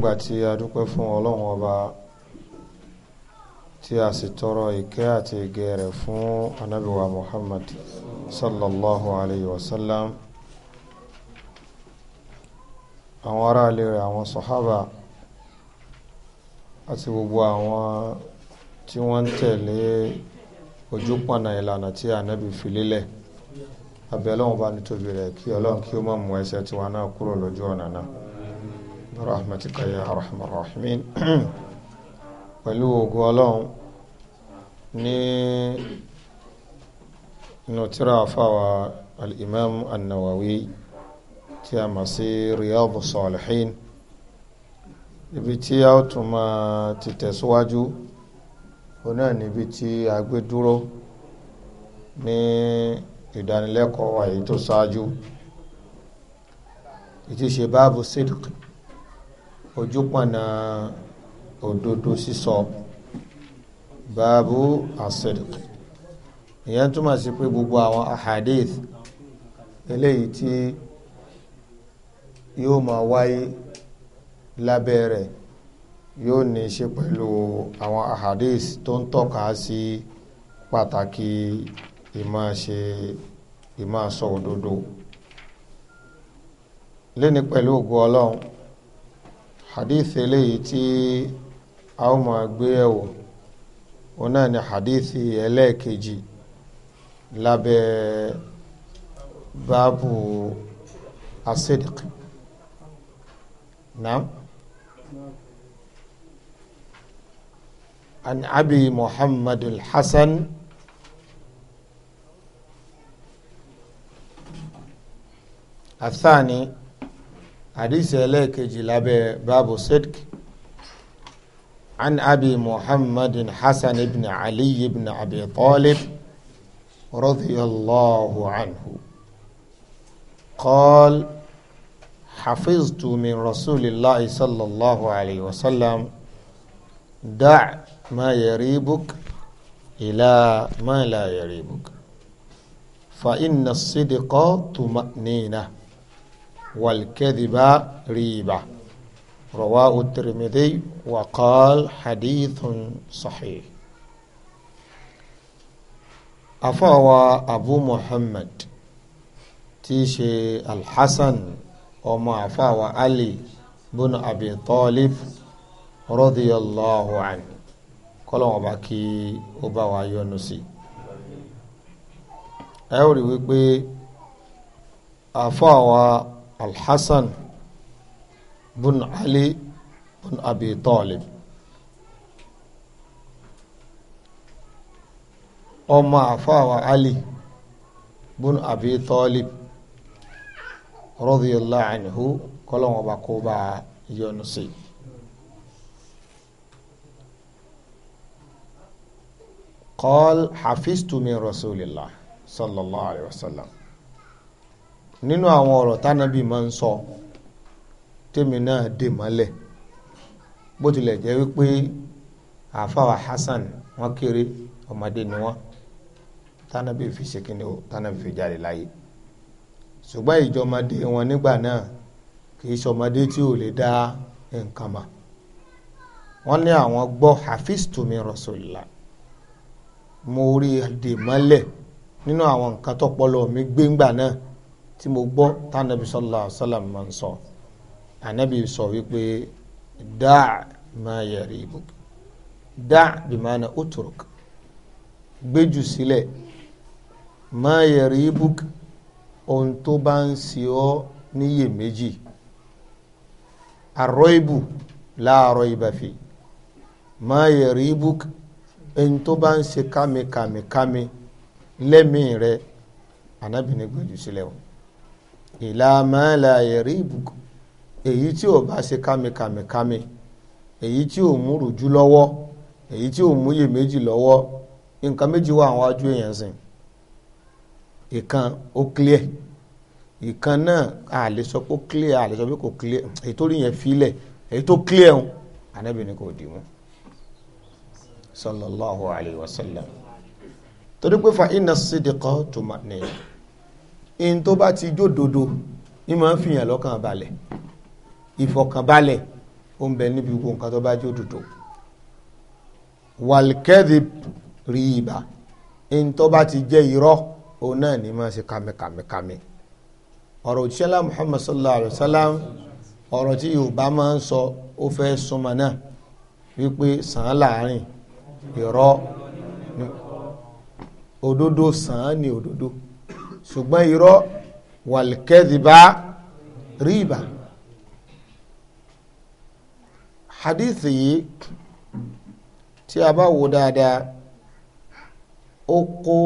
nígbà tí a dúpẹ́ fún ọlọ́run ọba tí a sì tọrọ ìkẹ́ àti ìgẹ́ rẹ̀ fún anábìwa muhammad sallallahu alayhi wa sallam àwọn aráalé rẹ̀ àwọn sọ̀hábà àti gbogbo àwọn tí wọ́n ń tẹ̀lé ojúpọ̀nà ìlànà tí anábì fi lélẹ̀ abẹ́ ọlọ́run bá nítorí rẹ̀ kí ọlọ́run kí ó má mú ẹsẹ̀ tiwa náà kúrò lójú ọ̀nà náà rahmatika ya arhamar rahimin pẹ̀lú ògo ọlọ́run ní inú tíra fáwa al-imam an-nawawi tí a mọ̀ sí riyadu salihin ibi tí a ó tún máa ti tẹ̀síwájú òun náà níbi tí a gbé dúró ní ìdánilẹ́kọ̀ọ́ àyè tó ṣáájú ìtíṣe báàbù sídìkì ojúpọ̀nà òdodo sísọ báàbù as-sidq ìyẹn túmọ̀ sí pé gbogbo àwọn ahadith eléyìí tí yóò máa wáyé lábẹ́ rẹ̀ yóò ní í ṣe pẹ̀lú àwọn ahadith tó ń tọ́ka sí pàtàkì ìmọ̀ ṣe ìmọ̀ sọ òdodo lẹ́ni pẹ̀lú ògo ọlọ́run hadith eléyìí tí a ó máa gbé ẹ̀wò òun náà ni hadith ẹlẹ́ẹ̀kejì lábẹ́ báàbù asidik naam an abi muhammad al-hasan الثاني hadith ẹlẹ́ẹ̀kejì lábẹ́ babu sidq an abi muhammadin hasan ibn ali ibn abi talib radiyallahu anhu qal حفظت من رسول الله صلى الله عليه وسلم دع ما يريبك إلى ما لا يريبك فإن الصدق طمأنينه والكذب ريبة رواه الترمذي وقال حديث صحيح أفوى أبو محمد تيشي الحسن وما أفوى علي بن أبي طالب رضي الله عنه kọlọ́wọ́n ọba kí ó bá wa yọ́nú sí ẹ ó rí wípé àfọ́ àwa alhassan bun ali bun abi talib ọmọ àfáwà ali bun abi talib radiyallahu anhu kọ́lọ́wọ́n bá kó bá yọ́nú sí i. قال حفظت من رسول الله صلى الله عليه وسلم nínú àwọn ọ̀rọ̀ tánàbí máa ń sọ tèmi náà dè mọ́lẹ̀ bó tilẹ̀ jẹ́ wípé àfáwà Hasan wọn kéré ọmọdé ni wọn tánàbí fi ṣe kíni o tánàbí fi jáde láyé ṣùgbọ́n ìjọmọdé wọn nígbà náà kì í ṣọmọdé tí ò lè dá nǹkan mọ̀ wọ́n ní àwọn gbọ́ hafiz tumi rasulillah mo rí dè mọ́lẹ̀ nínú àwọn nǹkan tọ́pọlọ mi gbé ńgbà náà tí mo gbọ́ tánàbí sallallahu alaihi wasallam máa ń sọ ànábì sọ wípé dáa ma yaribuk dáa bí máa na utruk gbéjù sílẹ̀ ma yaribuk ohun tó bá ń ṣe ọ́ níyèméjì àrọ́ìbù láàárọ̀ ìbàfẹ́ ma yaribuk ohun tó bá ń ṣe kámi kámi kámi lẹ́mìí rẹ̀ ànábì ní gbéjù sílẹ̀ wọn. ìlà mọ́lá ẹ̀rí ìbùkún èyí tí ò bá ṣe kámikàmikàmi èyí tí ò mú rùjú èyí tí ò mú lọ́wọ́ nǹkan méjì wà àwọn ajú èèyàn sìn ìkan ó clear ìkan náà a lè sọ pé ó clear èyí tó rí yẹn filẹ̀ èyí tó clear ń kò dì mú sallallahu alayhi torí pé fa in tó bá ti jódodo ní máa ń fìyàn lọ́kàn balẹ̀ ìfọ̀kànbalẹ̀ ó ń bẹ níbi gbogbo nǹkan tó bá jódodo wàlkẹ́dì rí ibà in tó bá ti jẹ́ irọ́ òun náà ní máa ṣe kàmìkàmìkàmì ọ̀rọ̀ òjíṣẹ́ Muhammad sallallahu alayhi wa sallam ọ̀rọ̀ tí Yorùbá máa ń sọ ó fẹ́ súnmọ́ náà wípé sàn án láàrin irọ́ òdodo sàn án ní òdodo ṣùgbọ́n irọ́ wàlkẹ́dìbá ríbà hadithi yìí tí a bá wo dáadáa ó kó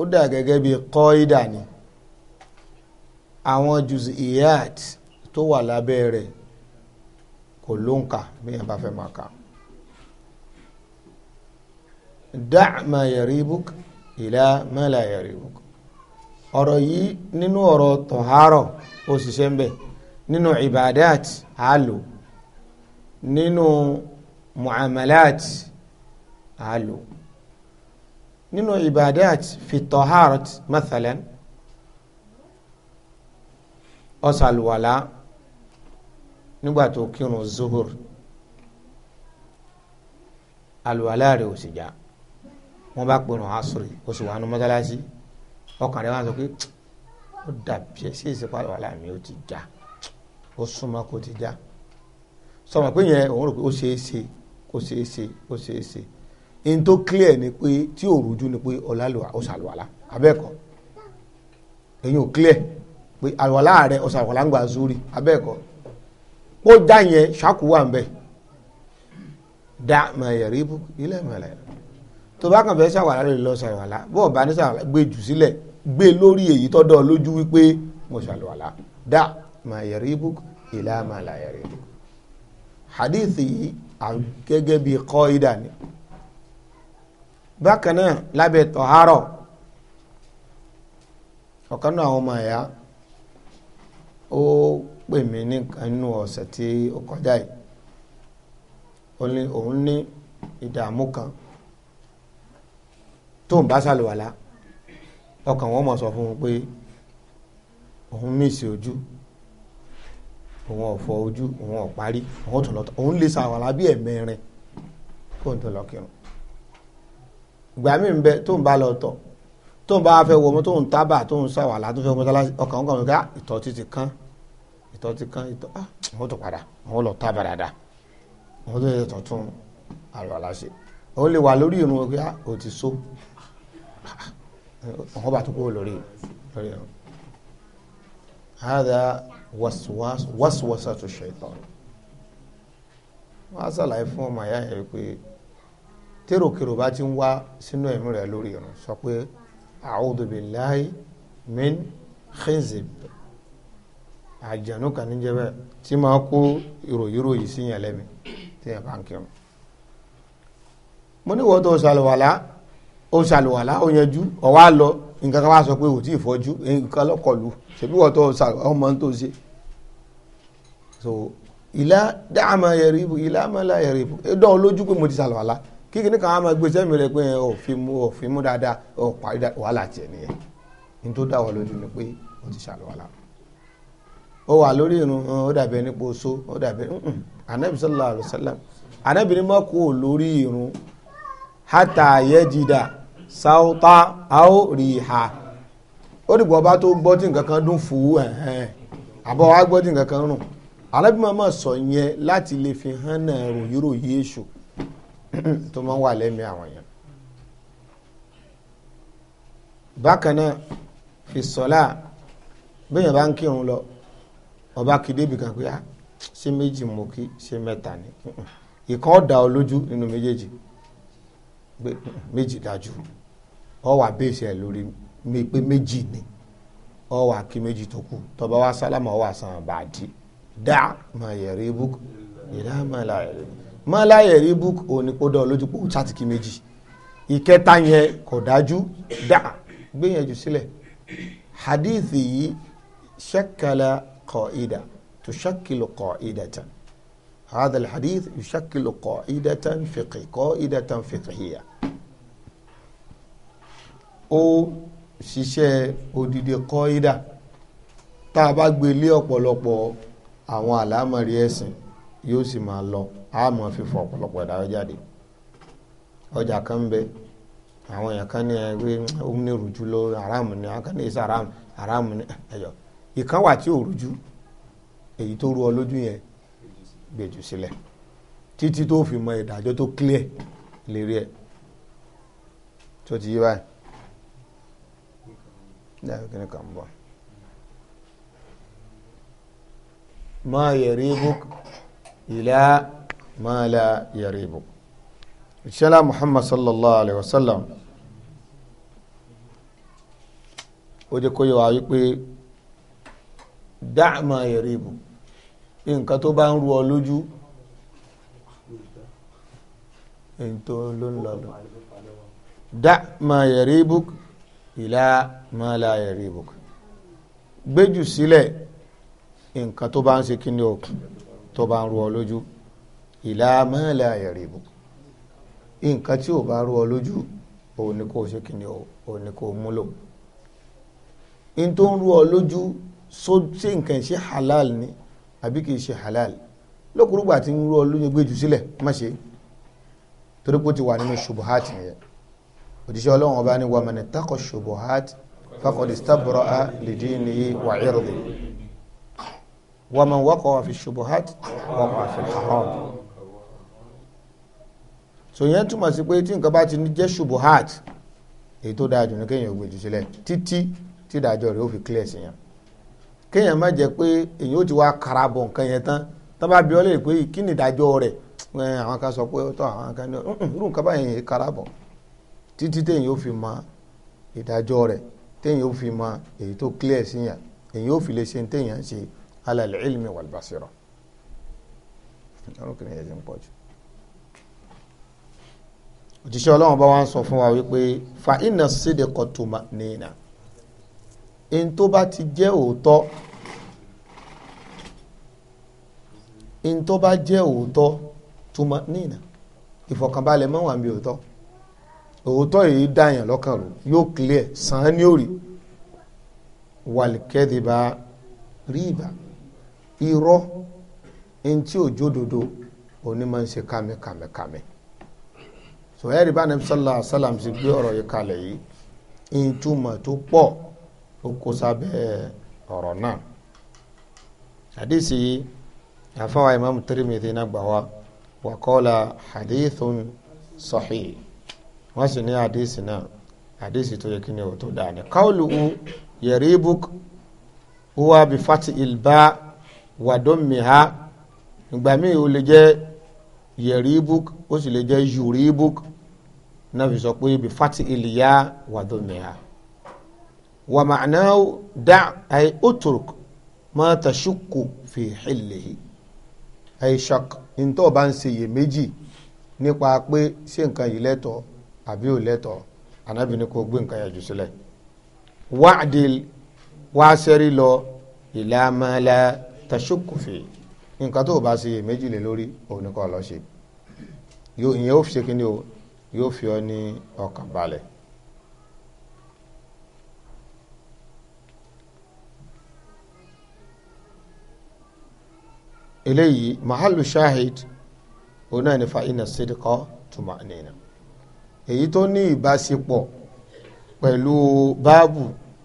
ó dà gẹ́gẹ́ bí kọ́ídà ni àwọn juz'iyat tó wà lábẹ́ rẹ̀ kò ló ń kà bí yẹn bá fẹ́ máa kà da' ma yaribuk ila ma la yaribuk ọ̀rọ̀ yìí nínú ọ̀rọ̀ tọ̀hárọ̀ ó ṣiṣẹ́ ń bẹ̀ nínú ibadat àlò nínú muamalat àlò nínú ibadat fi tọ̀hárọ̀ mathalan ó ṣàlùwàlá nígbà tó kírun zuhur àlùwàlá rẹ̀ ò sì já wọ́n bá pinnu asuri ó sì wà ọkàn rẹ wá sọ pé ó dàbí ẹ sí ìsìnkú wàhálà mi ó ti já ó súnmọ́ kó ti já sọmọ pé yẹn òun rò pé ó ṣeé ṣe ó ṣeé ṣe ó ṣeé ṣe in tó clear ni pé tí òrùjú ni pé ọ̀la lò ó ṣàlùwàlà abẹ́ẹ̀kọ́ èyí ò clear pé àlùwàlà rẹ ọ̀sà àlùwàlà ń gbà zúrí abẹ́ẹ̀kọ́ ó já yẹn ṣáàkù wà ń bẹ̀ dá mẹ̀yẹ̀rí ilẹ̀ mẹ̀lẹ̀ tó bá kàn fẹ́ ṣàwàlà lè lọ ṣàwàlà bó o ní ṣàwàlà gbé jù sílẹ̀ gbé lórí èyí tọ́dọ̀ lójú wípé mo ṣàlùwàlá dá máa yẹrí ibùk ìlà máa là yẹrí ibùk hadith yìí gẹ́gẹ́ bí kọ́ ìdá ni bákan náà lábẹ́ tọ̀hárọ̀ ọ̀kan náà àwọn ọmọ ẹ̀yà ó pè mí nínú ọ̀sẹ̀ tí ó kọjá yìí òun ní ìdààmú kan tó ń bá ṣàlùwàlá ọkàn wọn mọ̀ sọ fún un pé òun mísì ojú òun ọ̀fọ̀ ojú òun ọ̀parí òun tó òun lè sàwàlà bí ẹ̀mẹrin kó n tó lọ kírun ìgbà míì ń bẹ tó ń bá lọ tọ̀ tó ń bá fẹ́ wọ ọmọ tó ń tábà tó ń sàwàlà tó ń fẹ́ ọmọ tálá ọkàn ọkàn ọ̀gá ìtọ̀ títí kan ìtọ̀ ti kan ìtọ̀ ah òun tó padà òun lọ tábà dáadáa òun tó yẹ tọ̀ tún àlọ́ àlàṣe òun lè wà lórí ìrun ọ̀gá ò ti so wọn bá tún kúrò lórí lórí ẹ̀rọ hádà wàsíwàsá tó ṣaitan wọn á sàlàyé fún ọmọ àyà yẹn pé tèròkèrò bá ti ń wá sínú ẹ̀mí rẹ̀ lórí ẹ̀rọ sọ pé a'udhu billahi min khizib àjànú kan níjẹ́ bẹ́ẹ̀ tí máa kó ìròyìnròyìn sí yẹn lẹ́mi tí yẹn bá ń kírun mo ní wọ́n tó ṣàlùwàlá ó ṣàlùwàlá ó yanjú ọ̀wá lọ nǹkan kan wá sọ pé ò tí ì nǹkan lọ́kọ̀lù ṣèbí wọ́n tó ọmọ tó ṣe so ìlà dáàmà yẹrí ibù ìlà àmàlà yẹrí ibù dán lójú pé mo ti ṣàlùwàlá kíkì ní kan á máa gbé sẹ́mi rẹ pé ò fi mú ò fi mú dáadáa ò parí wàhálà tiẹ̀ nìyẹn ní tó dá wà lójú ni pé ó ti ṣàlùwàlá ó wà lórí irun ó dàbí ẹni pé oṣó ó dàbí anabi sallallahu alayhi wa sallam anabi ni mọ́ kó lórí irun hátà yẹ́jìdá sáútà áó rìhà ó dìgbò ọba tó gbọ́ tí nǹkan kan dún fún ẹ̀hẹ́n àbọ̀ wá gbọ́ tí nǹkan kan rùn alábìmọ̀ mọ̀ sọ yẹn láti lè fi hàn náà ròyìnròyìn èṣù tó máa ń wà lẹ́mìí àwọn yẹn bákan náà fi sọ́lá bẹ́yàn bá ń kírun lọ ọba kìdé ibìkan pé ah, ṣé méjì mo kí ṣé mẹ́ta ni ìkan ọ̀dà ọ lójú nínú méjèèjì hmm, méjì dájú ọ wà bẹ́ẹ̀sì ẹ̀ lórí mi pé méjì ni ọ wà kí méjì tó kù tọba wa sálámà ọ wà sàn bàdí dá máa yẹrí búk ìdá máa la yẹrí máa la yẹrí búk òní kó dọ̀ lójú pé ó kí méjì ìkẹta yẹn kò dájú dá gbìyànjú sílẹ̀ hadithi yìí ṣẹkẹlẹ kọ ìdá tó ṣẹkìlù kọ ìdá tán. هذا الحديث يشكل قاعدة فقه قاعدة فقهية ó ṣiṣẹ́ odidi kọ́ídà tá a bá gbé lé ọ̀pọ̀lọpọ̀ àwọn àlámọ̀rí ẹ̀sìn yóò sì máa lọ a máa fi fọ ọ̀pọ̀lọpọ̀ ìdájọ́ jáde ọjà kan bẹ àwọn èèyàn kan ní ẹgbẹ́ omni ló aráàmù ni àwọn kan ní ìsà aráàmù aráàmù ni ẹ̀yọ ìkan wà tí ò rújú èyí tó rú ọ lójú yẹn gbèjù sílẹ̀ títí tó fi mọ ìdájọ́ tó clear lérí ẹ̀ tó ti yí báyìí kíni kan bọ̀ ma yaribuk ila ma la yaribuk ìṣẹ́lá muhammad sallallahu alaihi wasallam ó jẹ́ kó yẹ wá wípé da' ma yaribuk nǹkan tó bá ń ru ọ lójú èyí tó ló ń lọ lọ da' ma ìlà ma la yaribuk gbéjù sílẹ̀ nǹkan tó bá ń ṣe kí ni o tó bá ń rú ọ lójú ìlà ma la yaribuk nǹkan tí ò bá rú ọ lójú òun ni kò ṣe kí ni òun ni kò múlò in tó ń rú ọ lójú ṣé nǹkan ṣe halal ni àbí kì í ṣe halal lókùrúgbà tí ń rú ọ lójú gbéjù sílẹ̀ má ṣe torí ti wà nínú ṣubuhati nìyẹn òjíṣẹ́ ọlọ́run ọba ní wàmẹ̀nì takọ̀ ṣubuhat faqad istabraa lidinihi wa irdi wàmẹ̀n waqa'a fi ṣubuhat waqa'a fi haram. sòyẹn túmọ̀ sí pé tí nǹkan bá ti jẹ́ ṣubuhat èyí tó dáa jù ní kéèyàn ògbè jù sílẹ̀ títí tí ìdájọ́ rẹ̀ ó fi clear sí yàn kéèyàn má jẹ́ pé èyàn ó ti wá karabọ̀ nǹkan yẹn tán tán bá bi ọ́ léèrè pé kí ni ìdájọ́ rẹ̀ àwọn kan sọ pé ó tọ́ àwọn kan ní irú nǹkan báyìí karabọ̀ títí téyìn ó fi mọ ìdájọ́ rẹ̀ téyìn ó fi mọ èyí tó clear síyàn èyí ó fi lè ṣe téyìn ṣe alal ilmi wal basira ọlọ́kùnrin yẹn ti ń ọlọ́run bá wá ń sọ fún wa wípé fa iná síde kọtùmá nìyína in tó bá ti jẹ́ òótọ́ in tó bá jẹ́ òótọ́ túmọ̀ nìyína ìfọ̀kànbalẹ̀ mọ́ bí òótọ́ òótọ́ yìí dàyàn lọ́kàn rò yóò clear sàn án ní òrì wàlìkẹ́dìbà ríìbà irọ́ ẹni tí òjò dodo òní ń ṣe kàmẹ́kàmẹ́kàmẹ́ so ẹ̀rí bá nàbí sọ́lá sálàm sí gbé ọ̀rọ̀ yìí kalẹ̀ yìí ìtumọ̀ tó pọ̀ ó kó sábẹ́ ọ̀rọ̀ náà hadisi yìí àfáwà imam Tirmidhi náà gbà hadithun sahih wọ́n sì ní àdéhìsì náà àdéhìsì tó yẹ kí ni o tó dáa ni káwọlù u yaribuk huwa bi fati ilba wadomiha ìgbà míì ó lè jẹ́ yaribuk ó sì lè jẹ́ yuribuk náà fi sọ pé bi fati iliya wadomiha wa ma'nahu da ay utruk ma tashukku fi hillihi ay shak ntọ́ bá ń ṣe iyèméjì nípa pé ṣé nǹkan yìí lẹ́tọ̀ọ́ àbí ò lẹ́tọ̀ ànábì ní kó gbé nǹkan yẹn sílẹ̀ wa'dil wá lọ ila ma la tashukku fi nǹkan tó o bá ṣe méjì lé lórí òun ni kò lọ ṣe ìyẹn ó fi ṣe kí ni o yóò fi ọ ní ọkàn balẹ̀. eléyìí mahalu shahid ona ni fa ina sidikọ tuma nina èyí tó ní ìbáṣepọ̀ pẹ̀lú báàbù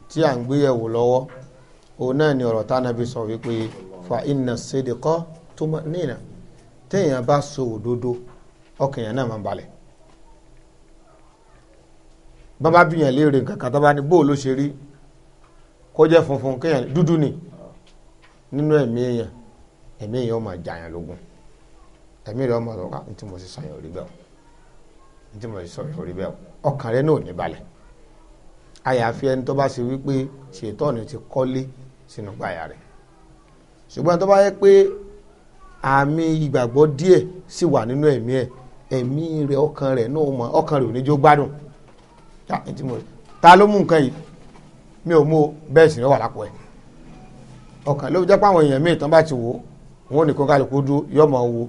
tí à ń gbéyẹ̀wò lọ́wọ́ òun náà ni ọ̀rọ̀ tánàbí sọ wípé fa inna sídìkọ́ tó mọ̀ nínà téèyàn bá sọ òdodo ọkàn yẹn náà máa balẹ̀ bàbá bìyàn léèrè nǹkan kan tó ní bóòlù ṣe rí kó jẹ́ funfun kéèyàn dúdú ni nínú ẹ̀mí èèyàn ẹ̀mí èèyàn ó máa jàyàn lógun ẹ̀mí rẹ̀ ó máa lọ́ka ah, ní tí mo ṣe sọ yẹn rí bẹ́ẹ̀ o tí mo sọ ìsọ̀rí bẹ́ẹ̀ ọkàn rẹ náà ò ní balẹ̀ àyàfi ẹni tó bá ṣe wípé ṣètọ́ọ̀nù ti kọ́lé sínú gbàyà rẹ̀ ṣùgbọ́n tó bá yẹ pé àmì ìgbàgbọ́ díẹ̀ sì wà nínú ẹ̀mí ẹ̀ ẹ̀mí rẹ̀ ọkàn rẹ̀ náà mọ̀ ọkàn rẹ̀ ò ní jó gbádùn ta ló mú nǹkan yìí mi ò mú bẹ́ẹ̀ sì ni ó wà lápò ẹ̀ ọkàn ló jẹ́ pé àwọn èèyàn míì tán bá ti wò ó wọn ò ní kó kálukú dúró yọmọ wo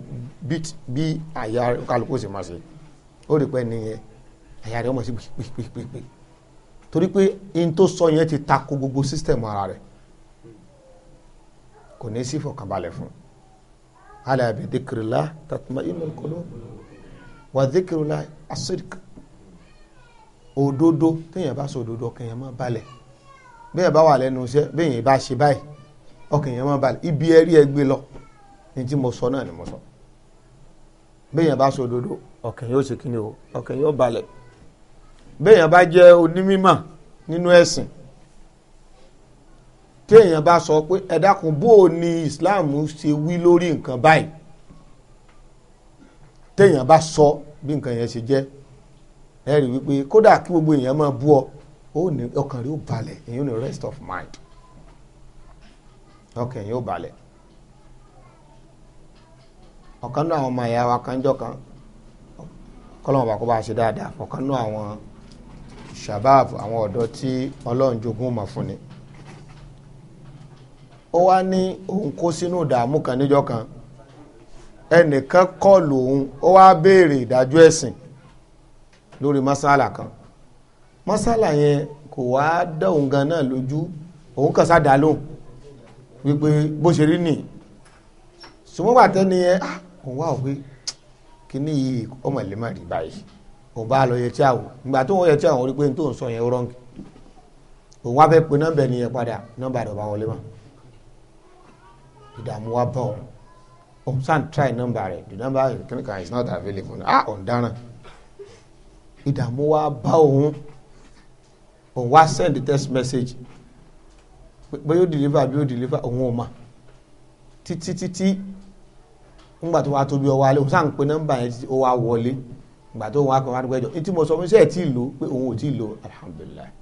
bí àyà kálukú sì máa ṣe ó rí pé nìyẹn àyà rẹ̀ ọmọ sí pèpèpèpè torí pé in tó sọ yẹn ti tako gbogbo sísítẹ̀mù ara rẹ̀ kò ní sí ìfọ̀kànbalẹ̀ fún ala bi dhikrillah tatma'innul qulub wa dhikrullah as-sidq òdodo téèyàn bá sọ òdodo ọkàn yẹn má balẹ̀ bẹ́ẹ̀ bá wà lẹ́nu iṣẹ́ bẹ́ẹ̀ bá ṣe báyìí ọkàn yẹn má balẹ̀ ibi ẹ̀rí ẹ gbé lọ ní tí mo sọ náà ni mo sọ bẹ́ẹ̀ bá sọ òdodo ọkàn yóò ṣe kíni o ọkàn yóò balẹ̀ béèyàn bá jẹ́ onímọ̀ nínú ẹ̀sìn téèyàn bá sọ pé ẹ dákun bó Islam ṣe wí lórí nǹkan báyìí téèyàn bá sọ bí nǹkan yẹn ṣe jẹ́ ẹ rí wípé kódà kí gbogbo èèyàn máa bú ọ ó ní ọkàn rẹ ó balẹ̀ èyí ó rest of mind ọkàn yẹn ó balẹ̀ ọ̀kan náà àwọn ọmọ ẹ̀yà wa kan jọ kan kọ́lọ́mù bá kó bá ṣe dáadáa fọ̀kánú àwọn shabab àwọn ọ̀dọ́ tí ọlọ́run jogún mọ̀ fún ni ó wá ní òun kó sínú ìdààmú kan níjọ́ kan ẹnìkan kọlù òun ó wá béèrè ìdájọ́ ẹ̀sìn lórí masala kan masala yẹn kò wá dá òun gan náà lójú òun kàn sá dá lóhùn wípé bó ṣe rí nì sùmọ́gbà tẹ́ni yẹn ah òun wá òwe kíní yìí ọmọ ìlú má rí báyìí òun bá lọ yẹtí àwò ìgbà tó wọn yẹtí àwọn orí pé n tó ń sọ yẹn rọǹgì òun wá fẹ́ pe nọ́mbà ẹni yẹn padà nọ́mbà rẹ̀ ọba wọlé mọ́ ìdààmú wa bọ̀ òun sàn try nọ́mbà rẹ̀ the number kìnnìkan is not available ah òun dáná ìdààmú wa bá òun òun wá send text message bóyá ó deliver bí ó deliver òun ò mà títí títí ńgbà tó wá tó bí ọwọ́ alẹ́ òun sáà ń pe nọ́mbà yẹn ó wá wọlé ńgbà tó wọn akọ̀wé àdúgbò ẹjọ́ ní tí mo sọ fúnṣẹ́ ẹ̀ tí ì lò pé òun ò tí ì lò alhamdulilayi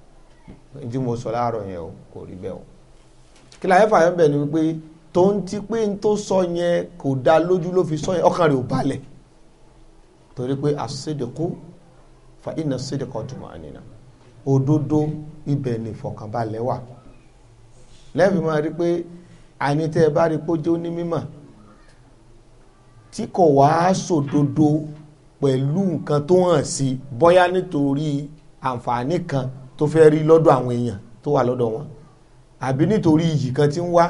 ní mo sọ láàárọ̀ yẹn o kò rí bẹ́ẹ̀ o kí ẹ̀fà yẹn bẹ̀ ni wípé tó ti pé ń tó sọ yẹn kò dá lójú ló fi sọ yẹn ọkàn rẹ̀ ò balẹ̀ torí pé àṣìṣedèkú fa iná ṣèdèkọ tùmọ̀ ànínà òdodo ibẹ̀ ni ìfọ̀kànbalẹ̀ wà lẹ́ẹ̀fì máa rí pé àní tẹ́ ẹ bá rí pójó ní mímọ̀ tí kò wá sòdodo pẹ̀lú nǹkan tó hàn sí bóyá nítorí àǹfààní kan tó fẹ́ rí lọ́dọ̀ àwọn èèyàn tó wà lọ́dọ̀ wọn àbí nítorí iyì kan tí ń wá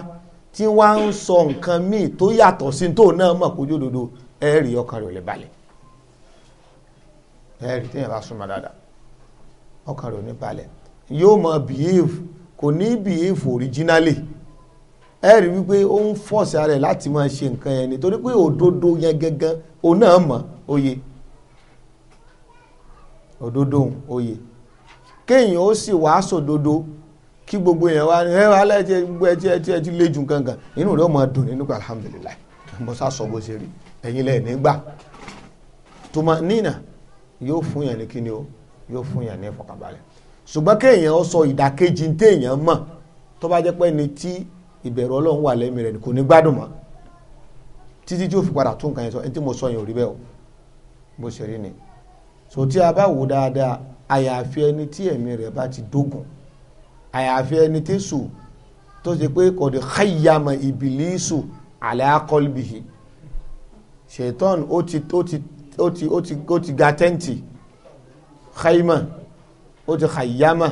tí wá ń sọ nǹkan míì tó yàtọ̀ sí tó náà mọ̀ kójú òdodo ẹ rí ọkàn rẹ̀ lè balẹ̀ ẹ rí téèyàn bá súnmọ́ dáadáa ọkàn rẹ̀ ò ní balẹ̀ yóò mọ bìhéèfù kò ní bìhéèfù òríjínálì ẹ rí wípé ó ń fọ̀ọ̀sì ara ẹ̀ láti máa ṣe nǹkan yẹn nítorí pé òdodo yẹn gangan òun náà mọ̀ òye òdodo òye kéèyàn ó sì wàá sòdodo kí gbogbo yẹn wá ẹ alẹ́ tí ẹ ti ẹ ti ẹ ti lé ju nǹkan kan inú rẹ̀ máa dùn nínú alhamdulilayi mo sá sọ bó ṣe rí ẹ̀yin lẹ́yìn nígbà tuma nina yóò fún yàn ní kíni o yóò fún yàn ní ìfọkànbalẹ̀ ṣùgbọ́n kéèyàn ó sọ ìdàkejì téèyàn mọ̀ tó bá jẹ́ pé ni tí ìbẹ̀rù ọlọ́run wà lẹ́mìí rẹ̀ kò ní gbádùn mọ́ títí tí ó fi padà tún nǹkan yẹn sọ ẹni tí mo sọ yẹn ò rí bẹ́ẹ̀ o bó ṣe rí ni so tí a bá wò dáadáa àyàfi ẹni tí ẹ̀mí rẹ̀ bá ti dógùn àyàfi ẹni tí sù tó ṣe pé kò dé xayyama ìbílísù àlẹ́ akọ́lbìhì ṣètọ́n ó ti ó ti ó ti ó ti ó ti ga tẹ́ǹtì xayma ó ti xayyama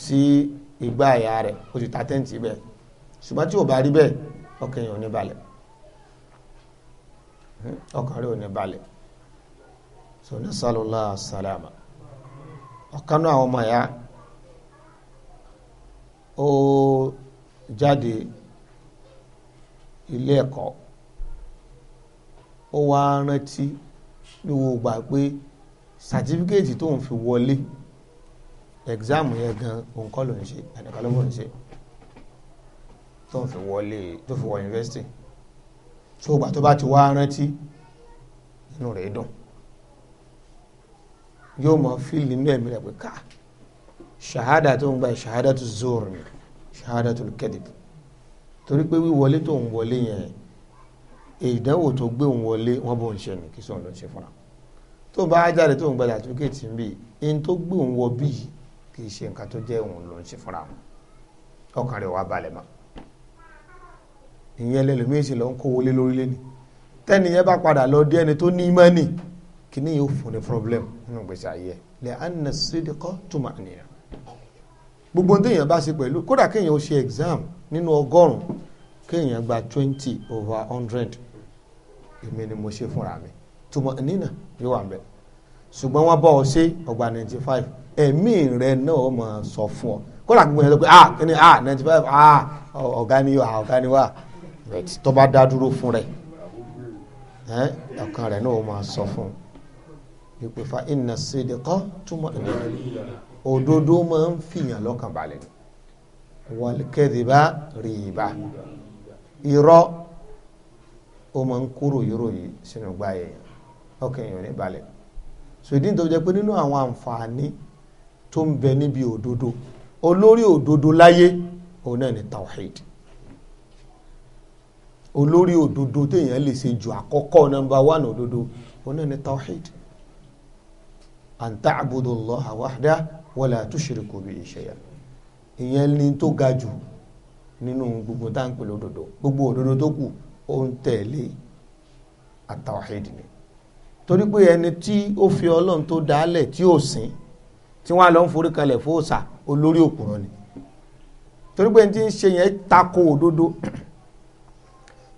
sí. Si, ìgbà àyà rẹ̀ ó ti ta tẹ́ǹtì bẹ́ẹ̀ ṣùgbọ́n tí ò bá rí bẹ́ẹ̀ ọkàn yẹn ò ní balẹ̀ ọkàn rẹ̀ ò ní balẹ̀ so ní sálọ́lá sàlámà ọ̀kan náà àwọn ọmọ ya ó jáde ilé ẹ̀kọ́ ó wá rántí ní wo gbà pé sàtífíkẹ́ẹ̀tì tóun fi wọlé ẹ̀gzáàmù yẹn gan òun kọ́ ló ń ṣe ẹnìkan ló ń bọ̀ ń ṣe tó ń fi wọlé tó fi wọ yunifásitì tó gbà tó bá ti wá rántí inú rẹ̀ dùn yóò mọ fíìlì inú ẹ̀mí rẹ̀ pé ká ṣahada tó ń gba ṣahada tó zoro ni ṣahada tó kẹ́dìb torí pé wíwọlé tó ń wọlé yẹn ìdánwò tó gbé òun wọlé wọn bó ń ṣe ni kí sóun ló ń ṣe fúnra tó bá jáde tó ń gba certificate ń bì in tó gbé òun wọ bí yìí kì í ṣe nǹkan tó jẹ́ òun ló ń ṣe fúnra wọn ọkàn rẹ̀ wá balẹ̀ mọ́ ìyẹn lẹ́lòmíì sì lọ ń kówó lé lórí lẹ́ni tẹ́ni yẹn bá padà lọ dé ẹni tó ní mọ́nì kìíní yóò fún ní problem nínú gbèsè ayé lẹ́ anna sídìkọ́ túmọ̀ nìyẹn gbogbo ohun téèyàn bá ṣe pẹ̀lú kódà kéèyàn ó ṣe exam nínú ọgọ́rùn-ún kéèyàn gba twenty over hundred èmi ni mo ṣe fúnra mi túmọ̀ nínà yóò wà ń bẹ̀ ṣùgbọ́n wọ́n bá ọ ṣe ọgbà ninety five ẹ̀mí rẹ náà ó máa sọ fún ọ kódà gbogbo yẹn lọ pé ah ẹni ah ninety five ah ọ̀gá ni wa ọ̀gá ni wa tó bá dá dúró fún rẹ ọkàn rẹ náà ó sọ fún ìpè fa iná sídi kan túmọ̀ òdodo máa ń fìyàn lọ́kàn balẹ̀ wàlkẹ́dìbá rìbá irọ́ ó máa ń kúrò yóròyìn sínú gbáyé ọkàn èèyàn ní balẹ̀ sòdí tó jẹ́ pé nínú àwọn àǹfààní tó ń bẹ níbi òdodo olórí òdodo láyé òun náà ni tawhid olórí òdodo téèyàn lè ṣe ju àkọ́kọ́ nọ́mbà wán òdodo òun náà ni tawhid an ta'budu Allaha wahda wala tushriku bihi shay'a ìyẹn ní tó ga jù nínú gbogbo táǹpẹ̀ lódodo gbogbo òdodo tó kù ó ń tẹ̀lé àtàwáhídì ni torí pé ẹni tí ó fi ọlọ́run tó dálẹ̀ tí ó sìn tí wọ́n á lọ ń forí kalẹ̀ fóòsà olórí òkùnrọ̀ ni torí pé n ti ń ṣe yẹn tako òdodo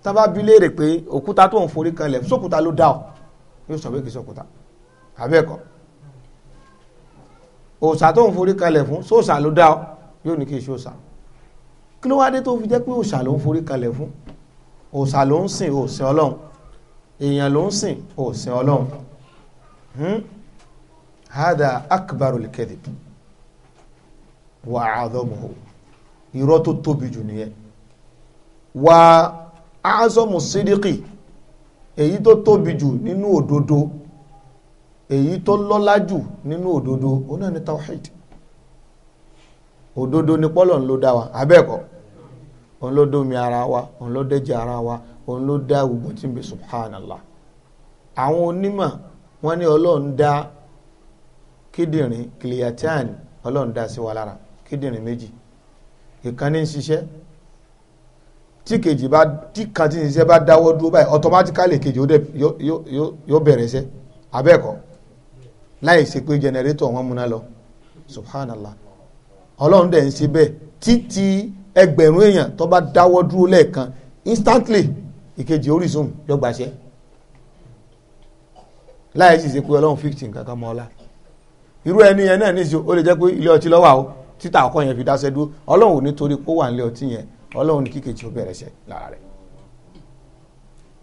tábà bí léèrè pé òkúta tó ń forí kalẹ̀ sókúta ló dá ọ yóò sọ pé kì í sókúta àbẹ́ẹ̀kọ́ òòsà tó ń forí kalẹ̀ fún sóòsà ló dá ọ yóò ní kí n ṣe òòsà kí ló wá dé tó fi jẹ́ pé òòsà ló ń forí kalẹ̀ fún òòsà ló ń sìn òòsìn ọlọ́run èèyàn ló ń sìn òòsìn ọlọ́run hmm? hada akbarul kadhib wa a'zamuhu irọ́ tó tóbi jù nìyẹn wa a'zamu sídìkì èyí tó tóbi jù nínú òdodo èyí tó lọ́lá jù n'inu ododo ó náà ní tawhid òdodo ni pọ́lọ̀ ń ló dá wa abẹ́ẹ̀kọ́ òun ló dómi ara wa òun ló dẹ́jẹ̀ ara wa òun ló dá gbogbo tí ń bẹ subhanallah àwọn onímọ̀ wọ́n ní ọlọ́run dá kíndìnrín kìlìyàtàn ọlọ́run dá sí wa lára kíndìnrín méjì ìkànnì ń ṣiṣẹ́ tí kejì bá tí kan tí ṣiṣẹ́ bá dáwọ́ dúró báyìí automatically kejì yóò bẹ̀rẹ̀ iṣẹ́ abẹ́ẹ̀kọ́ láì ṣe pé jẹnẹrétọ̀ wọn múná lọ subhanallah ọlọ́run dẹ̀ ń ṣe bẹ́ẹ̀ títí ẹgbẹ̀rún èèyàn tó bá dáwọ́ dúró lẹ́ẹ̀kan instantly ìkejì orísun yọgbàṣẹ́ láì sì ṣe pé ọlọ́run fifteen kankan mọ́ ọ́ irú ẹni yẹn náà ní ìṣó ó lè jẹ́ pé ilé ọtí lọ́wọ́ àwọn títà ọkọ yẹn fi dáṣẹ́ dúró ọlọ́run ò ní torí kó wà nílé ọtí yẹn ọlọ́run ní kíkejì ó bẹ̀rẹ̀ ṣẹ lára rẹ̀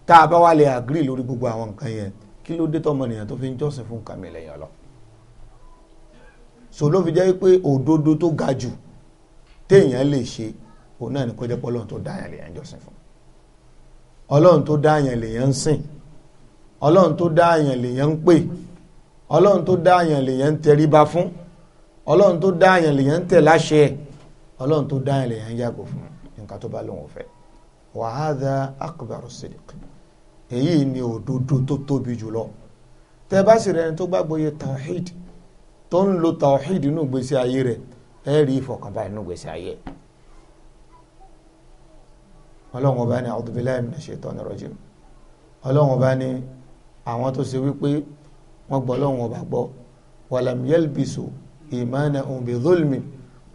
tá a bá wà lè agree lórí gbogbo àwọn nǹkan yẹn kí ló dé tọmọnìyàn tó fi ń jọ́sìn fún nǹkan lẹ́yìn ọlọ́ so ló fi jẹ́ pé òdodo tó ga jù téèyàn lè ṣe òun náà ní kó jẹ́ pé ọlọ́run tó dáyàn lèyàn ń ọlọ́run tó dá àyàn lèyàn ń tẹríba fún ọlọ́run tó dá àyàn lèyàn ń tẹ̀ láṣẹ ẹ̀ ọlọ́run tó dá àyàn lèyàn ń yàgò fún nǹkan tó bá lóun fẹ́ wa hadha akbaru èyí ni òdodo tó tóbi jùlọ tẹ bá sì rẹ ẹni tó gbàgbọ́ yẹ tawhid tó ń lo tawhid inú gbèsè ayé rẹ ẹ rí ìfọkànbá inú gbèsè ayé ọlọ́run ọba ni a'udhu billahi minash shaitani rajim ọlọ́run ọba ni àwọn tó ṣe wípé wọ́n gbọ́ lọ́wọ́n ọba gbọ́ walam yalbisu imanahum bi dhulmin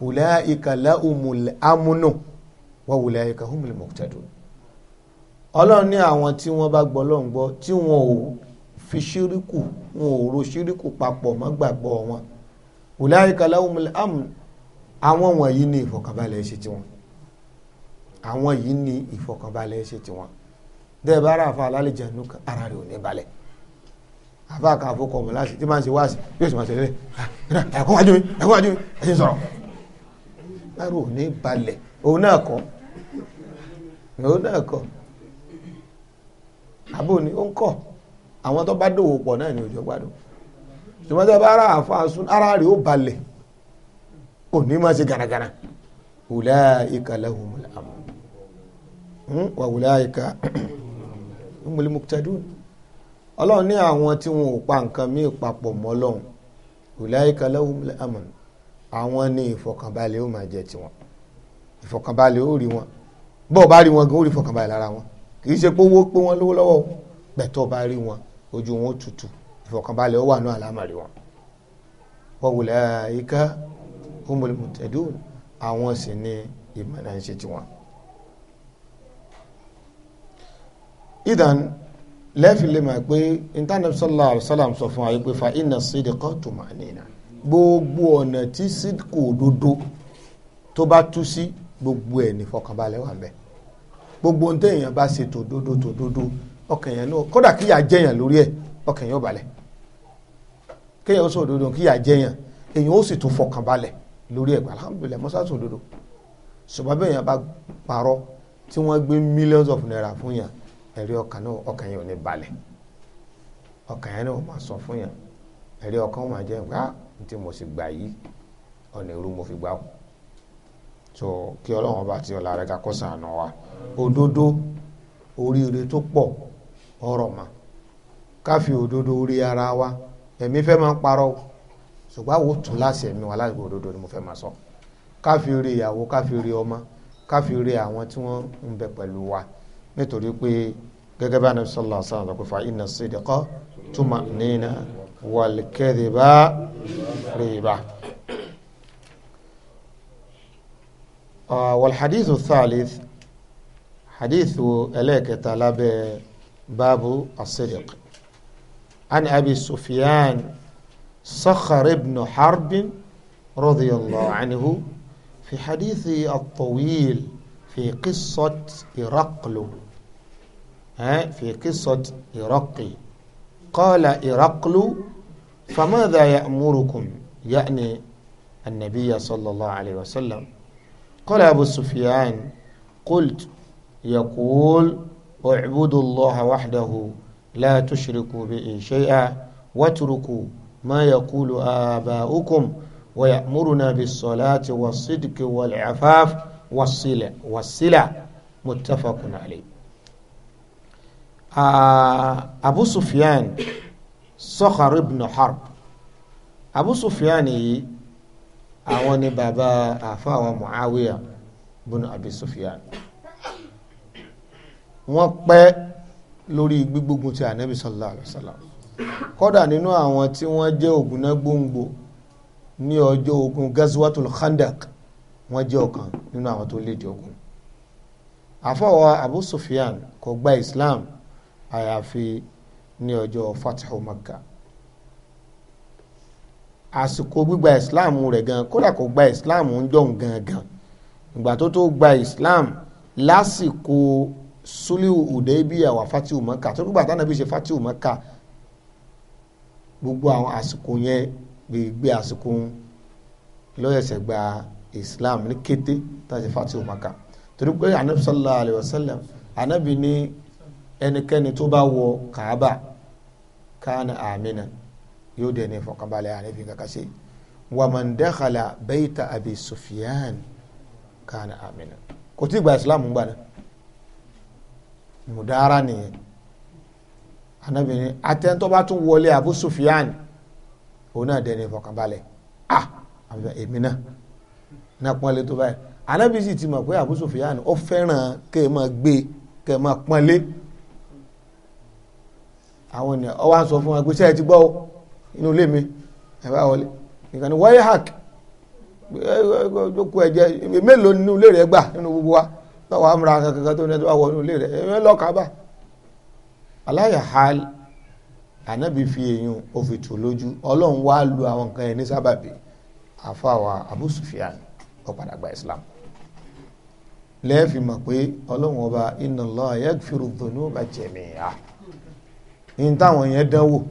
ulaika lahumul amnu wa ulaika humul muqtadun ọlọ́run ní àwọn tí wọ́n bá gbọ́ lọ́wọ́n gbọ́ tí wọ́n ò fi ṣíríkù wọn ò ro ṣíríkù papọ̀ mọ́ gbàgbọ́ wọn ulaika lahumul amnu àwọn wọ̀nyí ní ìfọ̀kànbalẹ̀ ṣe tiwọn àwọn yìí ní ìfọ̀kànbalẹ̀ ṣe tiwọn dẹ́ẹ̀ bá ara àfa alálẹ̀ ara rẹ̀ ò ní balẹ̀ àfa kan àfọkọ ọmọ láti tí máa ń ṣe wáàsí yóò sì máa ṣẹlẹ̀ ẹkọ wájú mi ẹkọ wájú mi ẹ ṣe sọ̀rọ̀ láàrú òní balẹ̀ òun náà kọ́ òun náà kọ́ àbò ni ó ń kọ́ àwọn tó bá dòwò pọ̀ náà ni òjò gbádùn ṣùgbọ́n tí bá ara àfa sún ara rẹ̀ ó balẹ̀ òní máa ṣe gànàgànà ulaika lahumul amn hmm, wa ulaika humul muqtadun ọlọ́run ní àwọn tí wọn ò pa nǹkan míì papọ̀ mọ́ ọlọ́run ulaika lahumul amn àwọn ní ìfọkànbalẹ̀ ó máa jẹ tiwọn ìfọkànbalẹ̀ ó rí wọn bó o bá rí wọn gan ó rí ìfọkànbalẹ̀ lára wọn kì í ṣe pé owó pé wọn lówó lọ́wọ́ gbẹ̀tọ́ bá rí wọn ojú wọn ó tutù ìfọkànbalẹ̀ ó wà ní àlámàrí wọn. wa ulaika humul muhtadun àwọn sì ní ìmọ̀nà ń ṣe tiwọn. idan lẹ́ẹ̀fì lè mọ̀ pé intanẹ́tì sọ́lá àlùsálàm sọ fún wa yìí pé fa iná sídìkọ́ tó mà nínà gbogbo ọ̀nà tí sídìkọ́ òdodo tó bá tú sí gbogbo ẹ̀ ní fọkànbalẹ̀ wà bẹ́ẹ̀ gbogbo ohun téèyàn bá ṣe tòdodo tòdodo ọkàn yẹn náà kódà kíyà jẹyàn lórí ẹ̀ ọkàn yẹn ò balẹ̀ kéèyàn ó sọ òdodo kíyà jẹyàn èyàn ó sì tún fọkànbalẹ̀ lórí ẹ̀ alhamdulilayi musa sọ òdodo ṣùgbọ́n millions of naira fún ẹ̀rí ọkàn náà ọkàn yẹn ò ní balẹ̀ ọkàn yẹn náà máa sọ fún yàn ẹ̀rí ọkàn máa jẹ́ gbá ah, tí mo sì gbà yìí ọ̀nà ìrú mo fi gbà kù so kí ọlọ́run ọba tí ọlá rẹ̀ ga kó ṣàánú wa òdodo oríire tó pọ̀ ọ̀rọ̀ mà ká fi òdodo orí ara wa ẹ̀mí fẹ́ máa ń parọ́ ṣùgbọ́n àwọn òtún láti ẹ̀mí wa láti òdodo ni mo fẹ́ máa sọ ká fi rí ìyàwó ká fi rí ọmọ ká rí àwọn tí wọ́n ń bẹ pẹ̀lú wa nítorí pé gẹ́gẹ́ bá nàbí sallallahu alaihi wasallam àtàkùn fa inna sidqa tuma'nina wal kadhiba riba. wal hadithu thalith hadithu ẹlẹ́ẹ̀kẹta lábẹ́ báàbù as-sidq an abi sufyan sakhar ibn harb radiyallahu anhu في حديث الطويل في قصة إرقل ها في قصة إرقل قال إرقل فماذا يأمركم يعني النبي صلى الله عليه وسلم قال أبو سفيان قلت يقول اعبدوا الله وحده لا تشركوا به شيئا واتركوا ما يقول آباؤكم ويأمرنا بالصلاة والصدق والعفاف والصلة والصلة متفق عليه Ah, abu Sufyan Sokhar ibn Harb Abu Sufyan yìí àwọn ni bàbá àfàwọn Muawiya ibn Abi Sufyan wọ́n pẹ́ lórí gbígbógun ti ànábì sallallahu alaihi wasallam kódà nínú àwọn tí wọ́n jẹ́ ògùnná gbòǹgbò ní ọjọ́ ogun gazwatul khandak wọ́n jẹ́ ọ̀kan nínú àwọn tó léde ogun àfọwọ́ abu sufyan kò gba islam àyàfi ní ọjọ́ fatihu maka àsìkò gbígba islam rẹ̀ gan kódà kò gba islam ń jọ̀hún gangan ìgbà tó tó gba islam lásìkò suliu udaibiya wà fatihu maka tó gbígbà tánàbí ṣe fatihu maka gbogbo àwọn àsìkò yẹn gbé àsìkò lọ́yẹ̀sẹ̀ gba islam ní kété tá a ṣe fatihu maka torí pé anabi sallallahu alayhi wa sallam anabi ní ẹnikẹ́ni tó bá wọ kàába kánà àmìnà yóò dẹ̀ ní ìfọ̀kànbalẹ̀ ànífi kankan sí wa man dakhala bayta abi Sufyan kánà àmìnà kò tí gba islam gbà náà mùdára nìyẹn anábìnrin atẹ́ntọ́ bá tún wọlé abu Sufyan òun náà dẹ̀ ní ìfọ̀kànbalẹ̀ ah àbúrò èmi náà náà pọ́nlé tó báyìí anábìsì ti mọ̀ pé abu Sufyan ó fẹ́ràn kẹ́ ẹ máa gbé kẹ́ ẹ máa pọ́nlé àwọn ènìyàn ọ wá ń sọ fún wọn pé ṣé ẹ ti gbọ́ inú ilé mi ẹ bá wọlé nìkan ni wáyé hack jókòó ẹ̀jẹ̀ mélòó nínú ilé rẹ̀ gbà nínú gbogbo wa lọ́wọ́ àmúra kankan tó ní ẹ tó bá wọ inú ilé rẹ̀ ẹ lọ́ọ̀ká bá aláyà hàl ànábì fi èèyàn ó fi tù lójú ọlọ́run wá lu àwọn nǹkan ẹ̀ ní sábàbí àfàwà Abu Sufyan ó padà gba Islam lẹ́ẹ̀fì mọ̀ pé ọlọ́run ọba inna Allah yaghfiru dhunuba jami'a in táwọn yẹn dánwò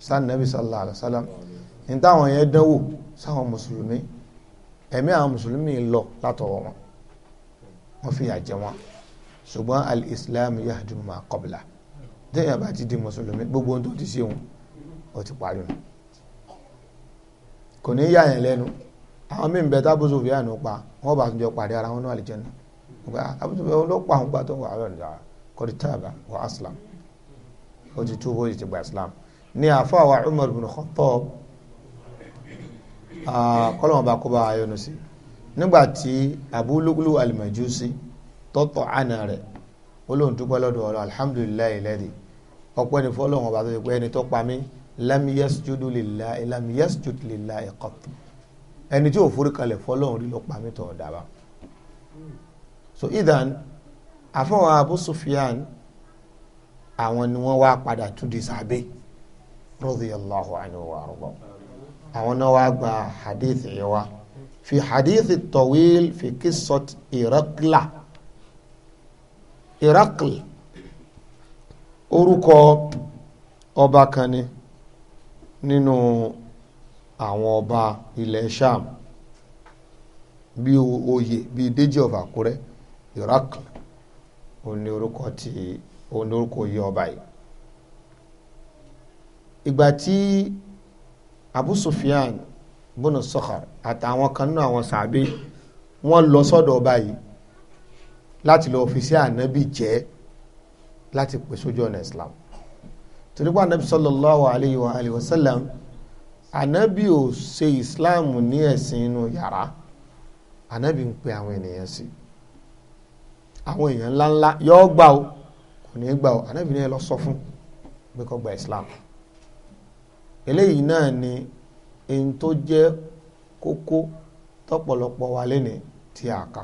sanabi sallallahu alayhi wa sallam in táwọn yẹn dánwò sáwọn mùsùlùmí ẹ̀mí àwọn mùsùlùmí lọ látọwọ́ wọn wọ́n fìyà jẹ wọn ṣùgbọ́n al-islam yahdi ma qabla téèyàn bá ti di mùsùlùmí gbogbo ohun tó ti ṣe wọn ó ti parí wọn kò ní yà yẹn lẹ́nu àwọn míì ń bẹ tábù sùfìyà pa wọn bá tún jọ pàdé ara wọn náà lè jẹun nígbà tábù sùfìyà àwọn gbà tó ń wà lọ́nà kọ́dí tábà wà aslam ó ti túbọ̀ ó ti gba islam ní àfáà wa Umar bin Khattab kọ́lọ́mọ̀ bá kó bá ayọ́nu sí nígbà tí Abu Lu'lu' al-Majusi tọ́tọ̀ àna rẹ̀ ó lóun dúpẹ́ lọ́dọ̀ ọ̀rọ̀ alhamdulilayi lẹ́dí ọpẹ́ ni fọ́lọ́wọ́n bá tó ti pẹ́ ẹni tó pa mí lam yasjudu lillahi lam yasjud lillahi qat ẹni tí ò forí kalẹ̀ fọ́lọ́wọ́n rí ló pa mí tọ̀ ọ̀dà wa. so idan afọwọ́ Abu Sufyan àwọn ni wọ́n wá padà tún di sàbẹ̀ radiyallahu anhu wa arda àwọn náà wá gba hadith yẹn wá fi hadith tawil fi qissat irakla irakl orúkọ ọba kan nínú àwọn ọba ilẹ̀ sham bí oyè bí deji of Àkúrẹ́ irakl ó ní orúkọ ti òun lórúkọ yìí ọba yìí ìgbà tí Abu Sufyan bùnú Sakhar àtàwọn kan nínú àwọn sàbẹ wọn lọ sọ́dọ̀ ọba yìí láti lọ ọ́fíìsì ànábì jẹ láti pè sójú ọ̀nà Islam torípa ànábì sallallahu alayhi wa alayhi wa sallam ànábì ò ṣe Islam ní ẹ̀sìn inú yàrá ànábì ń pe àwọn ènìyàn sí àwọn èèyàn ńláńlá yọ ọ gbà o ní gbà ọ ànábì ní ẹ lọ sọ fún pé kó gba islam eléyìí náà ni èyí tó jẹ́ kókó tọ́pọ̀lọpọ̀ wa lẹ́ni tí a kà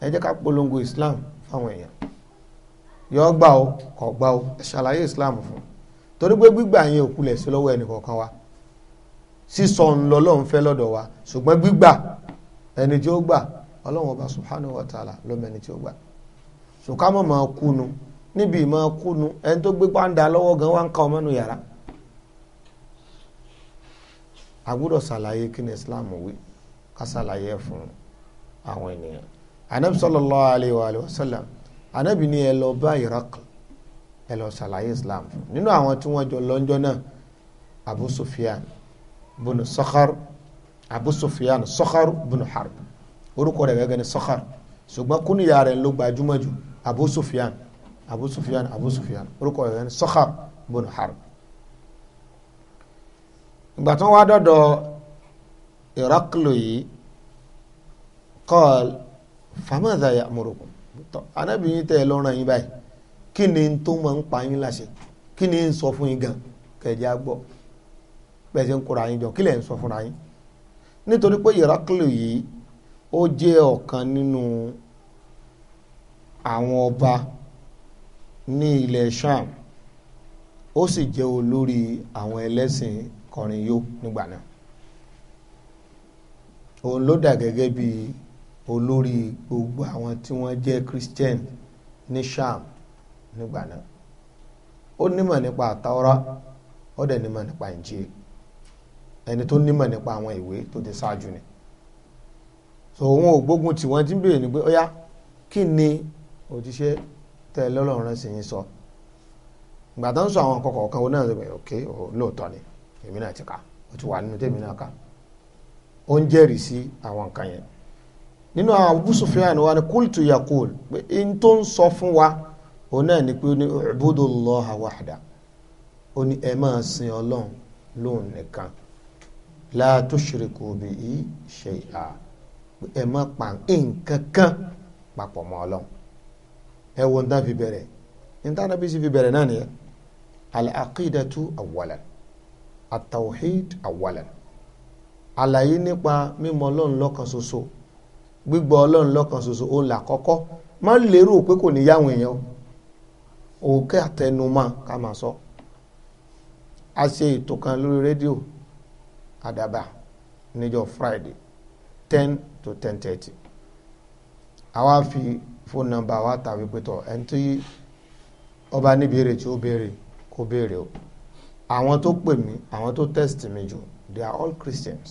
ẹ jẹ́ ká polongo islam fáwọn èèyàn yọ gbà ó kò gbà ó ẹ ṣàlàyé islam fún torí pé gbígbà yẹn òkulẹ̀ sí lọ́wọ́ ẹnì kọ̀ọ̀kan wa sísọ ńlọ lọ́n fẹ́ lọ́dọ̀ wa ṣùgbọ́n gbígbà ẹni tí ó gbà ọlọ́run ọba subhanahu wa ta'ala ló mẹ́ni tí ó gbà ṣùkà mọ̀ máa kúnu níbi ìmọ̀ kúnu ẹni tó gbé pàǹdà lọ́wọ́ gan wá ń ka ọmọ nù yàrá a gbọ́dọ̀ ṣàlàyé kí ni Islam wí ká ṣàlàyé fún àwọn ènìyàn anabi sallallahu alayhi wa alayhi wa sallam anabi ni ẹ lọ bá Iraq ẹ lọ ṣàlàyé Islam fún nínú àwọn tí wọ́n jọ lọ́njọ́ náà Abu Sufyan bunu Sakhar Abu Sufyan Sakhar bunu Harb orúkọ rẹ̀ gẹ́gẹ́ ni Sakhar ṣùgbọ́n kúnìyà rẹ̀ ló gbajúmọ̀ jù abu sufyan abu sufyan abu sufyan orúkọ rẹ̀ ní sokhar bonu harb ìgbà tó wá dọ́dọ̀ ìrákìlò yìí kọ́ọ̀l famadà ya'murukum tọ́ anábìyín tẹ́ ẹ lọ́rùn yín báyìí kí ni tó máa ń pa yín láṣẹ kí ni ń sọ fún yín gan kẹjá gbọ́ bẹ́ẹ̀ ń kóra yín jọ kí lẹ̀ ń sọ fúnra yín nítorí pé ìrákìlò yìí ó jẹ́ ọ̀kan nínú àwọn ọba ní ilẹ̀ sham ó sì jẹ́ olórí àwọn ẹlẹ́sìn kọrin yó nígbà náà òun ló dà gẹ́gẹ́ bí olórí gbogbo àwọn tí wọ́n jẹ́ christian ní sham nígbà náà ó nímọ̀ nípa àtàwọ́rá ó dẹ̀ nímọ̀ nípa Injil ẹni tó nímọ̀ nípa àwọn ìwé tó ti ṣáájú ni so òun ò gbógun tí wọ́n ti ń béèrè ni pé ó yá kí ni òjíṣẹ́ tẹ́ lọ́lọ́run sì ń sọ ìgbà tó ń sọ àwọn kọkọ̀ kan náà ṣe pé ok lóòótọ́ ni èmi náà ti kà ó ti wà nínú tèmi náà kà ó ń jẹ́rìí sí àwọn nǹkan yẹn nínú àwọn Abu Sufyan wa ni kultu yakul pé in tó ń sọ fún wa òun náà ni pé ó ní ubudullaha wahda ó ní ẹ máa sin ọlọ́run lóun nìkan la tushriku bihi shay'a ẹ má pa nǹkan kan papọ̀ mọ́ ọlọ́run ẹ wo nǹkan fi bẹ̀rẹ̀ nǹkan náà bí sì fi bẹ̀rẹ̀ náà nìyẹn al-aqidatu awwalan at-tawhid awwalan àlàyé òun là kọ́kọ́ má lérò pé kò ní yáwọn èèyàn òkè ká máa sọ a ṣe ètò kan lórí rédíò àdàbà Friday ten to ten thirty fóònù nọ́mbà wa tàbí pétọ ẹni tí ọba ní béèrè tí ó béèrè kó béèrè o àwọn tó pè mí àwọn tó test mi jù they are all Christians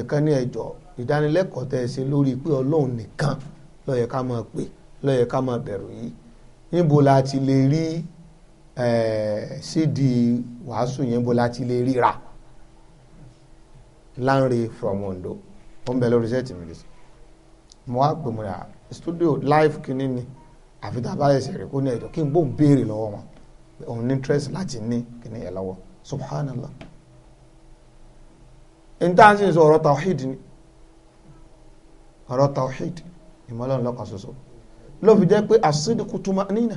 ìkànnì ẹjọ ìdánilẹ́kọ̀ọ́ tẹ ẹ ṣe lórí pé Ọlọ́run nìkan ló yẹ ká máa pè ló yẹ ká máa bẹ̀rù yìí níbo la ti lè rí sídi wàásù yẹn níbo la ti lè rí rà Lánre from Ondo ó ń bẹ lórí sẹ́ẹ̀tì mi lè sọ mo wá pè mo yà studio live kínní ni àfi tá a bá ẹsẹ̀ rẹ̀ kó ní ẹ̀jọ̀ kí n bò ń béèrè lọ́wọ́ wọn òun ní interest láti ní kínní yẹn lọ́wọ́ subhanallah intanṣi sọ ọ̀rọ̀ tawhid ni ọ̀rọ̀ tawhid ìmọ̀lọ́run lọ́kan ṣoṣo ló fi jẹ́ pé àṣídìkú túmọ̀ nínà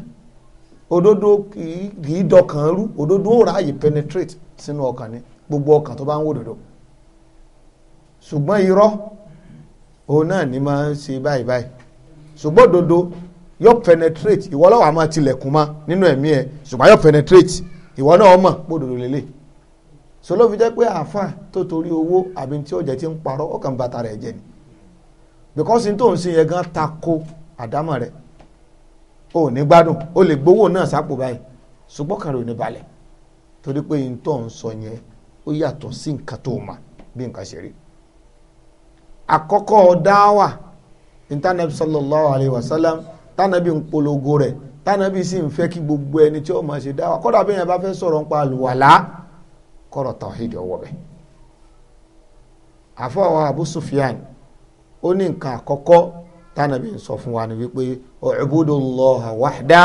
òdodo kì í dọkàn rú òdodo ó ráàyè penetrate sínú ọkàn ni gbogbo ọkàn tó bá ń wò òdodo ṣùgbọ́n irọ́ òun náà ni máa ń ṣe báyìí báyìí ṣùgbọ́n òdodo yóò penetrate ìwọ ma nínú ẹ̀mí ẹ ṣùgbọ́n yóò penetrate ìwọ náà mọ̀ pé òdodo lélẹ̀ sọlọ́ fi jẹ́ pé àáfà tó torí owó àbí tí ti ń parọ́ ó kàn bàtà rẹ̀ jẹ́ ni because n tó ń ṣe yẹn gan tako àdámọ̀ rẹ̀ o ní o lè gbowó náà sápò báyìí ṣùgbọ́n ní balẹ̀ torí pé n àkọ́kọ́ dáwà intanẹ́bí sallallahu alayi wa sallam tánàbí ń polongo rẹ̀ si sì ń fẹ́ kí gbogbo ẹni tí ó máa ṣe dáwà kọ́dà bí yẹn bá fẹ́ sọ̀rọ̀ ń pa àlùwàlá kọ́rọ̀ tawhid ọwọ́ bẹ̀. àfọwọ́ Abu Sufyan ó nka nǹkan àkọ́kọ́ tánàbí ń sọ fún wa ni wípé laatu wahda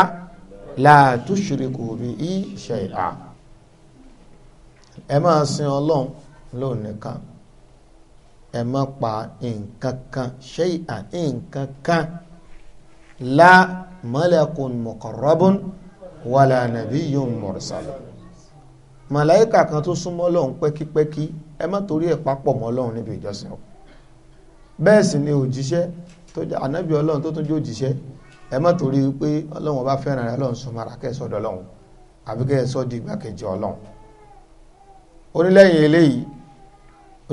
la tushriku bihi shay'a ẹ máa sin ọlọ́run lóun ẹ má pa nǹkan kan shay'an nǹkan kan la malakun muqarrabun wala nabiyyun mursal màláìkà kan tó súnmọ́ lọ́hùn pẹ́kípẹ́kí ẹ má torí ẹ̀ papọ̀ mọ́ lọ́hùn níbi ìjọsìn o bẹ́ẹ̀ sì ni òjíṣẹ́ tó jẹ́ ànábì ọlọ́run tó tún jẹ́ òjíṣẹ́ ẹ má torí pé ọlọ́run ọba fẹ́ràn rẹ̀ ọlọ́run súnmọ́ ara kẹ́ sọ́dọ̀ ọlọ́run àbí sọ́ di ìgbàkejì ọlọ́run onílẹ̀yìn eléyìí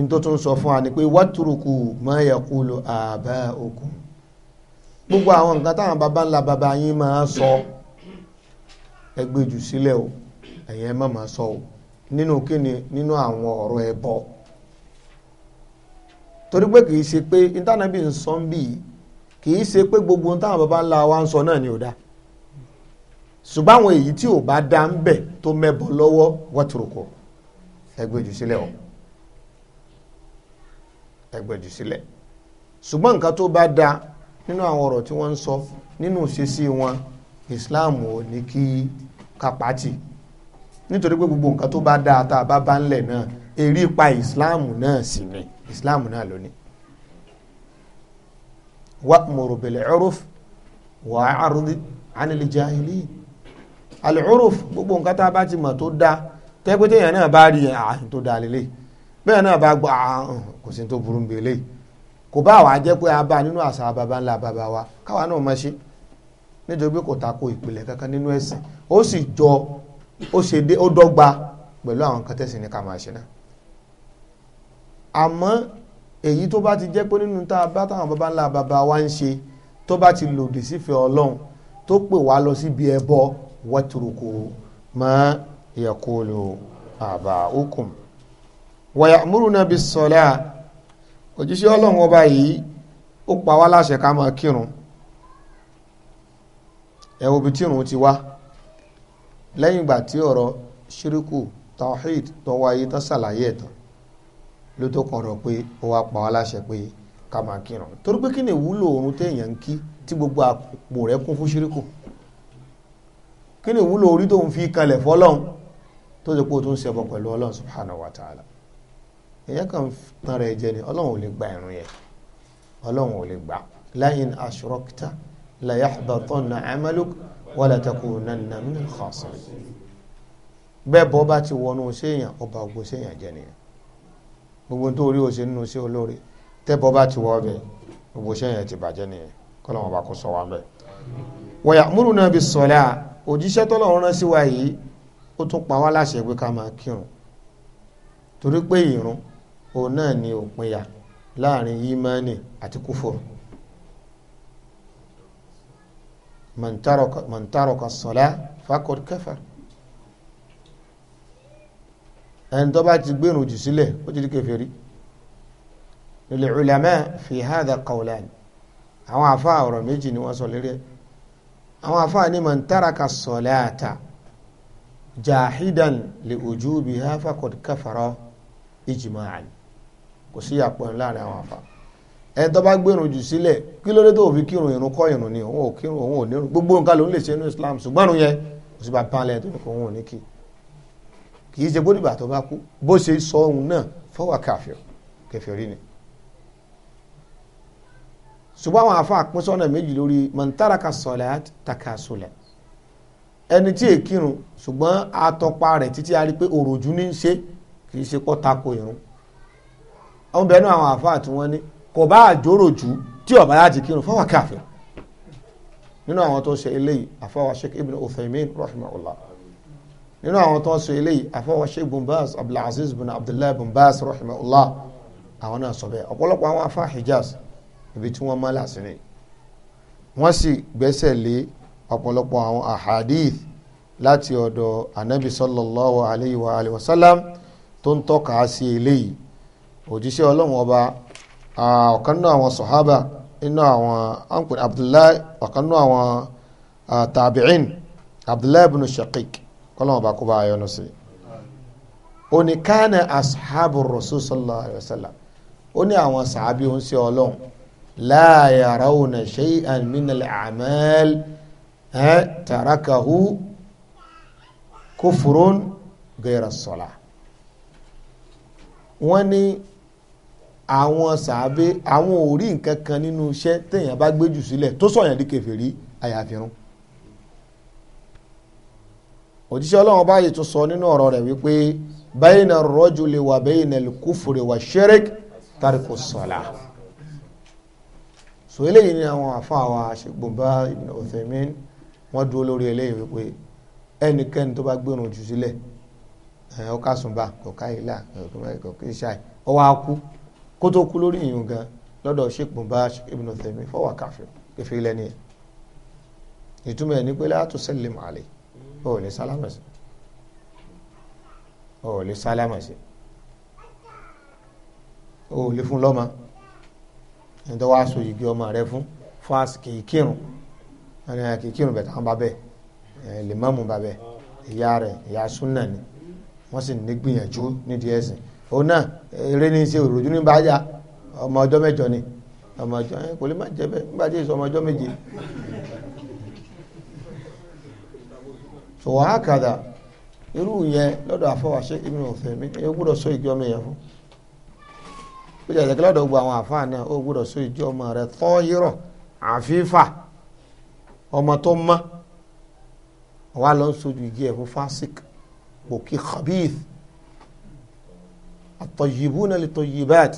ní tó tún sọ fún wa ni pé wàtúrùkù ma yaqulu aba'ukum gbogbo àwọn nǹkan táwọn baba ńlá baba yín máa sọ ẹgbẹ́ jù sílẹ̀ o ẹ̀yin ẹ má máa sọ o nínú kíni nínú àwọn ọ̀rọ̀ ẹbọ torí pé kìí ṣe pé intanẹ́bì ń sọ ń bì í ṣe pé gbogbo táwọn baba ńlá wa ń sọ náà ni ò dáa ṣùgbọ́n àwọn èyí tí ò bá dá ń bẹ̀ tó mẹ́bọ̀ lọ́wọ́ wọ́túrùkù ẹgbẹ́ jù sílẹ̀ o. ẹgbẹ̀jù sílẹ̀ ṣùgbọ́n nǹkan tó bá da nínú àwọn ọ̀rọ̀ tí wọ́n ń sọ nínú ìṣesí wọn Islam ò ní kí kápátì nítorí pé gbogbo nǹkan tó bá da tá a bá bá ńlẹ̀ náà èrí pa Islam náà sì ni Islam náà lónìí wa'muru bil'urf wa'rid 'anil jahilin al-'urf gbogbo nǹkan tá a bá ti mọ̀ tó da tẹ́gbẹ́tẹ́yàn náà bá rí ààyè tó da lélẹ́yìí bẹ́ẹ̀ náà bá gbọ́ àhàn ah, kò sí tó burú gbélé kò bá wàá jẹ́ pé a bá nínú àṣà baba ńlá baba wa káwa náà máa ṣe nítorí pé kò tako ìpìlẹ̀ kankan nínú ẹ̀sìn ó sì jọ ó ṣe dé ó dọ́gba pẹ̀lú àwọn kan tẹ̀sìn ní ká máa ṣe náà àmọ́ èyí tó bá ti jẹ́ pé nínú tá a bá táwọn baba ńlá baba wa ń ṣe tó bá ti lòdì sífẹ̀ẹ́ ọlọ́run tó pè wá lọ síbi ẹbọ wọ́tìrùkù mọ́ yaqulu àbá òkùn wa ya'muruna bis-salah òjíṣẹ́ ọlọ́run ọba yìí ó pa wá láṣẹ ká máa kírun ẹ wo bí tírun ti wá lẹ́yìn ìgbà tí ọ̀rọ̀ ṣíríkù tawhid tó wáyé tán ṣàlàyé ẹ̀tàn ló tó kàn pé ó wá pa wá láṣẹ pé ká máa kírun torí pé kí ni ìwúlò oorun téèyàn ń kí tí gbogbo àpò rẹ̀ kún fún ṣíríkù kí ni ìwúlò orí tó ń fi kalẹ̀ fọ́lọ́hun tó ti pé o tún ṣẹbọ pẹ̀lú ọlọ́run subhanahu wa ta'ala èyàn kan tan rẹ̀ jẹ ni ọlọ́run ò lè gba ìrun yẹn ọlọ́run ò lè gbà la in ashrakta la yahbatanna amaluk wa la takunanna minal khasirin bẹ́ẹ̀ bọ́ bá ti wọnú séèyàn ọba ògbó séèyàn jẹ nìyẹn gbogbo tó rí òsè nínú sí olóore tẹ́bọ̀ bá ti wọ ọbẹ̀ gbogbo séèyàn ti bàjẹ́ nìyẹn kọ́lọ́wọ́n bá kó sọ wa mẹ́. wa ya'muruna bis salah òjíṣẹ́ tọ́lọ́run rán sí ó tún pa wá láṣẹ pé ká máa kírun torí pé ìrun òun náà ni òpinya láàrin yimani àti kúfòrò man taraka sọlá faqad kafar ẹni tó bá ti gbẹ̀rùn jù sílẹ̀ ó ti di kèfèrí lil ulama fi hadha qawlan àwọn afa ọ̀rọ̀ méjì ni wọ́n sọ lérí àwọn afa ni man taraka sọláta jahidan li ujubiha faqad kafara ijma'an kò sí àpọ̀yìn láàrin àwọn àfa ẹni tó bá gbèrò jù sílẹ̀ kí ló dé tó fi kírun ìrun kọ́ ìrun ni òun ò kírun òun ò nírun gbogbo nǹkan ló ń lè ṣe inú Islam ṣùgbọ́n òun yẹn kò sí bá pánlẹ̀ tó ní kó òun ò ní kí kì í ṣe bódìgbà tó bá kú bó ṣe sọ òun náà fọwọ́ kàfíọ́ kẹfẹ́rí ni. ṣùgbọ́n àwọn afa àpín sọ́nà méjì lórí mọ̀ntàràkà sọ̀lá takasọ̀lá ẹni tí èkírun ṣùgbọ́n atọ́pa rẹ̀ títí a rí pé òròjú ní ń ṣe kì í ṣe pọ́ tako ìrun àwọn bẹ̀rẹ̀ náà àwọn àfáà tí wọ́n ní kò bá àjòrò jù tí ọ̀bá láti kírun fáwọn káfẹ́ nínú àwọn tó ń ṣe eléyìí àfáwà sheikh ibn uthaymin rahimahullah nínú àwọn tó ń ṣe eléyìí àfáwà sheikh bin baz abdulaziz bin abdullahi bin baz rahimahullah àwọn náà sọ bẹ́ẹ̀ ọ̀pọ̀lọpọ̀ àwọn afá hijaz ibi tí wọ́n máa láti ní wọ́n sì gbẹ́sẹ̀ lé ọ̀pọ̀lọpọ̀ àwọn ahadith láti ọ̀dọ̀ anabi sallallahu alayhi wa sallam tó ń tọ́ka sí eléyìí òjíṣẹ́ ọlọ́run ọba ọ̀kan náà àwọn sọ̀hábà inú àwọn ọ̀npẹ̀ abdullahi ọ̀kan náà àwọn tàbíìn abdullahi ibn shaqiq kọ́lọ́run ọba kó bá a yọ́nú sí. ó ní kánà ashabu rasul sallallahu alayhi wa sallam ó ní àwọn sàábí ń ṣe ọlọ́run la yarawna shay'an min al-a'mal tarakahu kufurun ghayra as wọ́n ní àwọn sàábé àwọn ò rí nǹkan kan nínú iṣẹ́ téèyàn bá gbé jù sílẹ̀ tó sọ̀yàn di kèfèrí àyàfi run òjíṣẹ́ ọlọ́run báyìí tún sọ nínú ọ̀rọ̀ rẹ̀ wípé bayna rrajuli wa bayna al-kufri wa shirk tariku salah so eléyìí ni àwọn àfáà wa ṣègbòǹbá ibn Uthaymin wọ́n dúró lórí eléyìí wípé ẹnikẹ́ni tó bá gbẹ̀rùn jù sílẹ̀ ọkà kó tó kú lórí ìyún gan lọ́dọ̀ Sheikh Mubarak ibn Uthaymin fọwọ́ kàfẹ́ kẹfẹ́ ilẹ̀ nìyẹn ìtumọ̀ ẹ̀ ní pé látò sẹ́lẹ̀ màálẹ̀ ó lè sálámà sí ó lè sálámà sí ó lè fún lọ́mọ ẹni tó wàá so yìgì ọmọ rẹ fún fún àsìkò ìkírun ẹni àkè ìkírun bẹ̀tà wọn bá bẹ̀ ẹ lè mọ́mù bá bẹ̀ ìyá rẹ̀ ìyá súnà ni wọ́n sì ní gbìyànjú nídìí ẹ̀sìn òun náà eré ní í ṣe òròjú ní báyà ọmọ ọjọ́ mẹ́jọ ni ọmọ ọjọ́ ẹ kò lè má jẹ bẹ́ẹ̀ nígbà tí èso ọmọ ọjọ́ méje sọ̀wọ́n àkàdà irú yẹn lọ́dọ̀ àfọwàṣe ibi òfin mi ẹ gbọ́dọ̀ sọ ìjọ mi yẹn fún bí jẹ́ lọ́dọ̀ gbogbo àwọn àfáà náà ó gbọ́dọ̀ sọ ìjọ ọmọ rẹ tọ́yírọ̀ àfífà ọmọ tó mọ́ wà lọ́n sojú ìjẹ́ fún fásik òkè khabith الطيبون للطيبات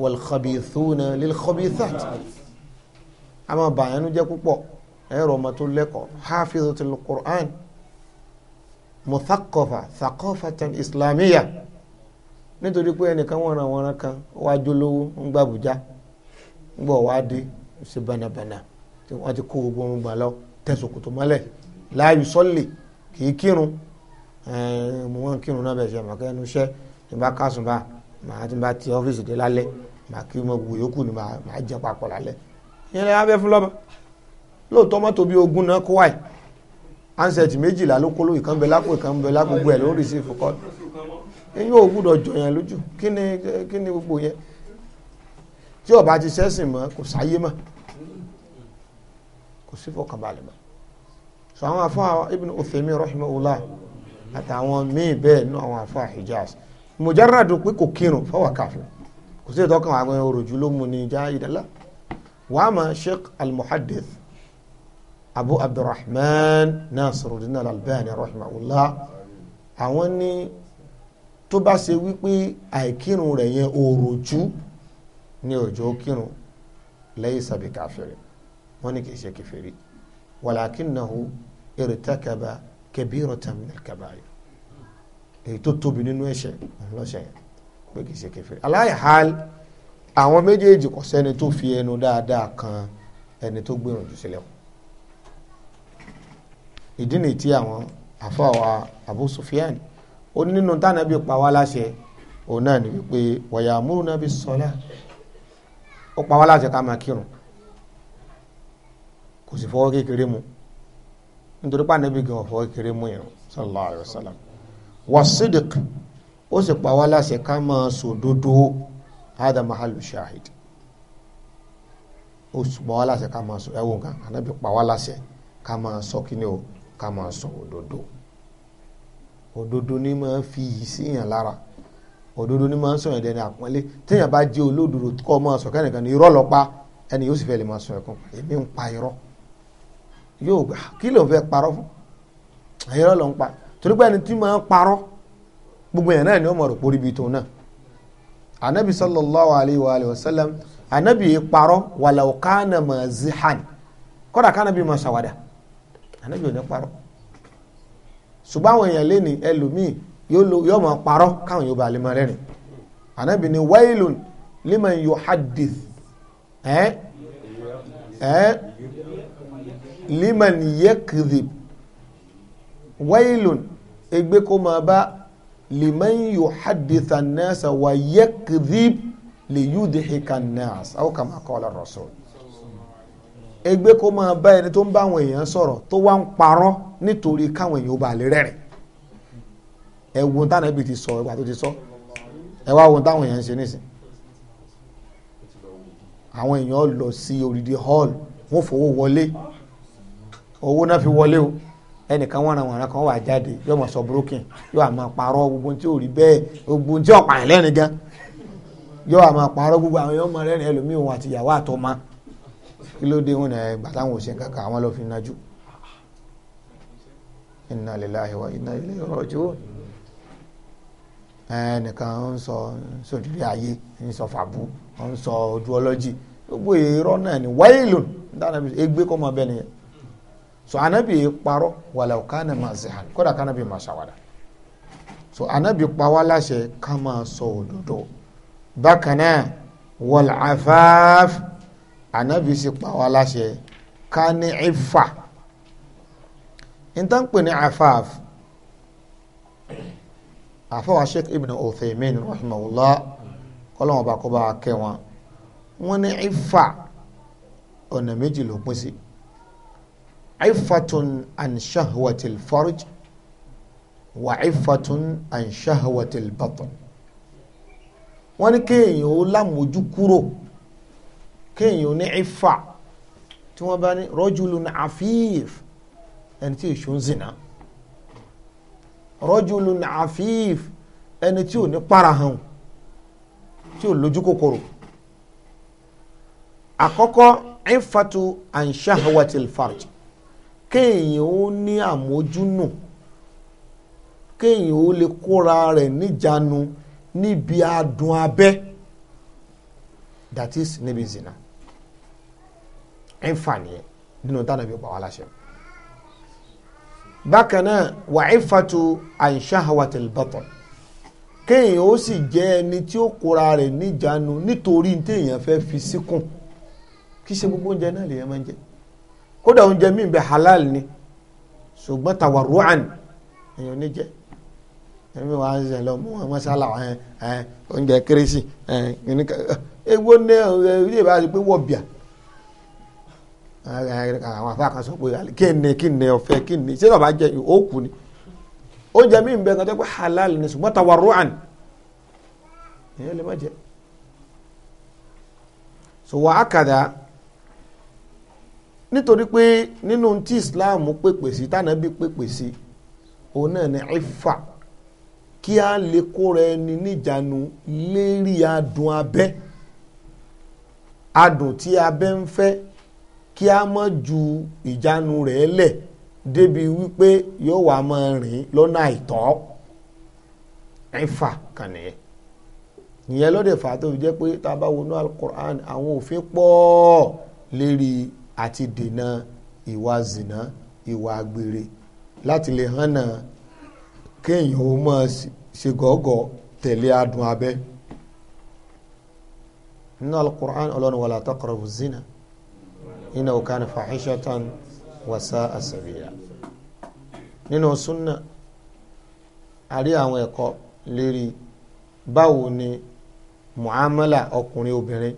والخبيثون wọ̀lkọ̀bìthúnà lè kọ̀bìthàtì a máa bàyánú jẹ́ púpọ̀ ẹ̀rọ ọmọ tó lẹ́kọ̀ọ́ hafizatul Qur'an mùtàkọ̀fà thaqafatan islamiyya nítorí pé ẹnìkan wọ̀nà wọ̀nà kan wá jólówó ń gbà bùjá ń gbọ̀ wá dé ṣe bànàbànà tí wọ́n ti kó gbogbo ohun gbà lọ tẹ̀sùn kòtò mọ́lẹ̀ la yusalli kì í kírun ẹ̀ẹ́n mo wọ́n kírun náà bẹ̀ ṣe àmọ́kẹ́ ẹnu iṣẹ́ tí n bá kásùn bá màá tí n bá ti ọ́fíìsì dé lálẹ́ màá kí mo wò yókù ni màá jẹ papọ̀ lálẹ́ ìyẹn lẹ́yìn abẹ́ fún lọ́mọ lóòótọ́ mọ́tò bíi ogún náà kó wáyé ansẹ̀tì méjìlá ló kó lóyè kan bẹ lápò kan bẹ lápò gbogbo ẹ̀ ló rì sí ìfọkọ́ eyín ò gbúdọ̀ jọyàn lójú kí ni kí ni gbogbo yẹn tí ọba ti sẹ́sìn mọ́ kò sáyé mọ́ kò sí fọkànbalẹ̀ mọ́ sọ àwọn afọ Ibn Uthaymin rahimahullah àtàwọn míì bẹ́ẹ̀ nú àwọn afọ Hijaz mujarradu pé kò kírun fọwọ́ káfíìn kò sí ìtọ́kàn àwọn òròjú ló mú ní ìjà ìdálá wàá mọ sheikh al-muhaddith abu abdulrahman nasiruddin al-albani rahimahullah àwọn ní tó bá ṣe wípé àìkírun rẹ̀ yẹn òròjú ní òjò kírun laysa bi káfíìn wọ́n ní kì í ṣe kèfèrí walakinnahu irtakaba kabiratan min al-kabair èyí tó tóbi nínú ẹ̀ṣẹ̀ òun lọ́sẹ̀ yẹn pé kìí ṣe kèfèrí aláìhal àwọn méjèèjì kò sẹ́ni tó fi ẹnu dáadáa kan ẹni tó gbèrò jù sílẹ̀ ìdí nìyí tí àwọn àfọwà Abu Sufyan ó nínú tánàbí pa wá láṣẹ òun náà ni wípé wọ̀yà múrùnà bí sọlá ó pa wá láṣẹ ká máa kírun kò sì fọwọ́ kékeré mu nítorí pàánàbí gan ọ̀fọwọ́ kékeré mu yẹn sallallahu alaihi wasallam wasidik ó sì pa wá láṣẹ ká máa sòdodo hada mahalu shahid ó sì pa wá láṣẹ ká máa sọ ẹwọ nǹkan anábì pa wá láṣẹ ká máa sọ kíni o ká máa sọ òdodo òdodo ni máa fi yìí síyàn lára òdodo ni máa ń sọyàn dẹni àpọ́nlé téèyàn bá jẹ́ olódodo kọ́ máa sọ kẹ́nìkan ní irọ́ lọ pa ẹni yóò sì fẹ́ lè máa sọ ẹ̀kọ́ èmi ń pa irọ́ yóò gbà kí ló ń fẹ́ parọ́ fún irọ́ ló ń pa torí pé ẹni tí máa ń parọ́ gbogbo yẹn náà ni ó mọ̀ rò pórí ibi tó náà anabi sallallahu alayhi wa alayhi wa sallam anabi yìí parọ́ walau kana mazihan kódà kánàbí máa ṣàwádà anabi ò ní parọ́ ṣùgbọ́n àwọn èèyàn lẹ́ni ẹlòmíì yóò máa parọ́ káwọn yóò bá lè máa rẹ́rìn anabi ni wailun liman yuhaddith ẹ́ ẹ́ liman yakdhib wailun ègbé kó máa bá liman yuhadditha an-nasa wa yakdhib li yudhika an-nas aw kama qala ar-rasul ègbé kó máa bá ẹni tó ń bá àwọn èèyàn sọ̀rọ̀ tó wá ń parọ́ nítorí káwọn èèyàn ó bá lè rẹ́rìn ẹ̀wọ̀n táwọn ẹbí ti sọ ẹ̀wọ̀n ti sọ ẹ̀wọ̀n àwọn táwọn èèyàn ń ṣe nísìn àwọn èèyàn lọ sí odidi hall wọ́n fowó wọlé owó náà fi wọlé o ẹnìkan wọn ràn wọn ràn kan wà jáde yóò mọ sọ broken yóò àmọ parọ́ gbogbo tí ò rí bẹ́ẹ̀ gbogbo tí ọ̀pá yẹn lẹ́rìn gan yóò àmọ parọ́ gbogbo àwọn yóò mọ rẹ́rìn ẹlòmíì òun àti ìyàwó àtọmọ kí ló dé wọn náà ẹgbà táwọn òṣèǹ kankan àwọn lọ fi nájú. inna lillahi wa inna ilayhi raji'un ẹnìkan ń sọ sódìrí ayé ń sọ fàbú ń sọ ojú ọlọ́jì gbogbo èrò náà ni wáyé lónìí dáná bí egbe kọ́ mọ bẹ́ẹ̀ nìyẹn so anabi parọ́ wàlàó kánà máa ṣe hàn kódà kánabi máa ṣàwádà so anabi pa wá láṣẹ ká máa sọ òdodo bákan náà wal afaf anabi sì pa wá láṣẹ ká ní ifá intan pè ní afaf àfọwà sheikh ibn Uthaymin rahimahullah kọlọ́wọ́n bá kó bá kẹ́ wọn wọ́n ní ifá ọ̀nà méjì ló عفة عن شهوة الفرج وعفة عن شهوة البطن wọ́n ní kéèyàn ó lámójú kúrò kéèyàn ó ní ifa tí wọ́n bá ní rajulun afif ẹni tí èso ń zina rajulun afif ẹni tí ò ní parahàn tí ò lójú kòkòrò àkọ́kọ́ ifatu an shahwatil farj kéèyàn ó ní àmójúnù kéèyàn ó lè kóra rẹ̀ níjàánu níbi adùn abẹ́ that is níbi zina ẹnfààní ẹ nínú tánà bí ó pa wá láṣẹ bákan náà wà ìfàtú àìṣàhàwàtìl bàtàn kéèyàn ó sì jẹ́ ẹni tí ó kóra rẹ̀ níjàánu nítorí téèyàn fẹ́ fi síkùn kí ṣe gbogbo oúnjẹ náà lèèyàn máa ń jẹ kódà oúnjẹ míì bẹ halal ni ṣùgbọ́n tawaruan èèyàn ní jẹ ẹ̀mí wàá ṣe lọ mú àwọn sálà oúnjẹ kérésì ewo ní ilé ìbá ṣe pé wọ́n bìà àwọn afá kan sọ pé kí ni kí ni ọ̀fẹ́ kí ni ṣé lọ́ba jẹ òkú ni oúnjẹ míì bẹ kan tó pé halal ni ṣùgbọ́n tawaruan èèyàn lè má jẹ so wàá kàdà nítorí pé nínú tí Islam pèpè sí tànàbí pèpè sí òun náà ní ifa kí a lè kóra ẹni níjànú lérí adùn abẹ́ adùn tí abẹ́ ń fẹ́ kí a má ju ìjánu rẹ̀ lẹ̀ débi wípé yóò wá máa rìn lọ́nà àìtọ́ ifa kàní ìyẹn lọ́dẹ̀ fà tó fi jẹ́ pé tá a bá wọnú alukur'an àwọn òfin pọ̀ lérí àti dènà ìwà zìnà ìwà àgbèrè láti lè hànà kéèyàn ó máa ṣe gọ́gọ́ tẹ̀lé adùn abẹ́ nínú alukur'an ọlọ́run wala taqrabu zina innahu kana fahishatan wa sa'a sabila nínú súnà àrí àwọn ẹ̀kọ́ lérí báwo ni muamala ọkùnrin obìnrin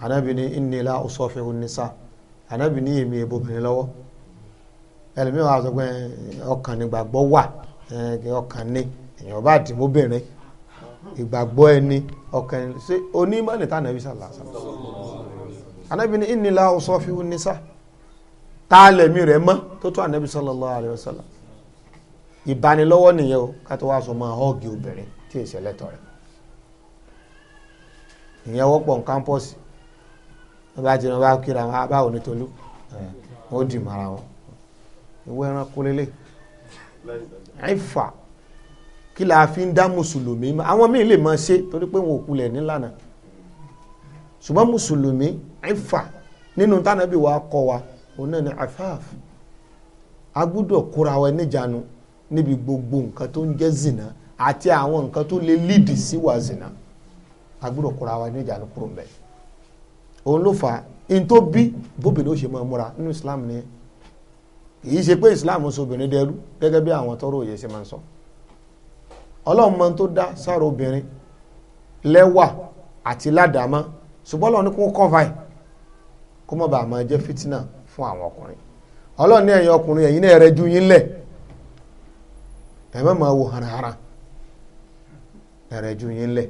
anabi ni inni la usofihu nisa anabi ni èmi èbò obìnrin lọ́wọ́ ẹlòmíì wà sọ pé ọkàn ni gbàgbọ́ wà ọkàn ni èèyàn bá dì mọ́bìnrin ìgbàgbọ́ ẹni ọkàn ṣe onímọ̀ ní tànàbí sàlàsà anabi ni inni la usofihu nisa tààlẹ̀mí rẹ̀ mọ́ tó tó anabi sallallahu alayhi wa sallam ìbanilọ́wọ́ nìyẹn o kátó wá sọ máa họ́ọ̀gì obìnrin tí èsì ẹlẹ́tọ̀ rẹ̀ ìyẹn wọ́pọ̀ ní wọn bá jẹun bá kíra wọn ah, báwo eh. wọn ó dì mara wọn ìwé ẹranko lélẹ̀ ẹfà kí la fi ń dá mùsùlùmí àwọn míì lè máa ṣe torí pé wọn ò kulẹ̀ nílànà ṣùgbọ́n mùsùlùmí ẹfà nínú tánàbí wa kọ wa òun náà ni afáàf a gbúdọ̀ kóra wa níjànú níbi gbogbo nǹkan tó ń jẹ́ zina àti àwọn nǹkan tó lè lídìí sí wa zina a kóra wa níjànú kúrò mẹ́rin òun ló fà á in tó bí bóbìnrin ó ṣe máa múra nínú islam ni kì í ṣe pé islam ń sọ obìnrin dẹrú gẹ́gẹ́ bí àwọn tọ́rọ òye ṣe máa ń sọ ọlọ́run máa ń tó dá sára obìnrin lẹ́wà àti ládàámá ṣùgbọ́n ọlọ́run ní kó kọ́va ẹ̀ kó má bàa máa jẹ́ fìtínà fún àwọn ọkùnrin ọlọ́run ní ẹ̀yin ọkùnrin ẹ̀yin náà rẹ ju yín lẹ̀ ẹ̀ má máa wo hànàhànà ẹ̀rẹ̀ ju yín lẹ̀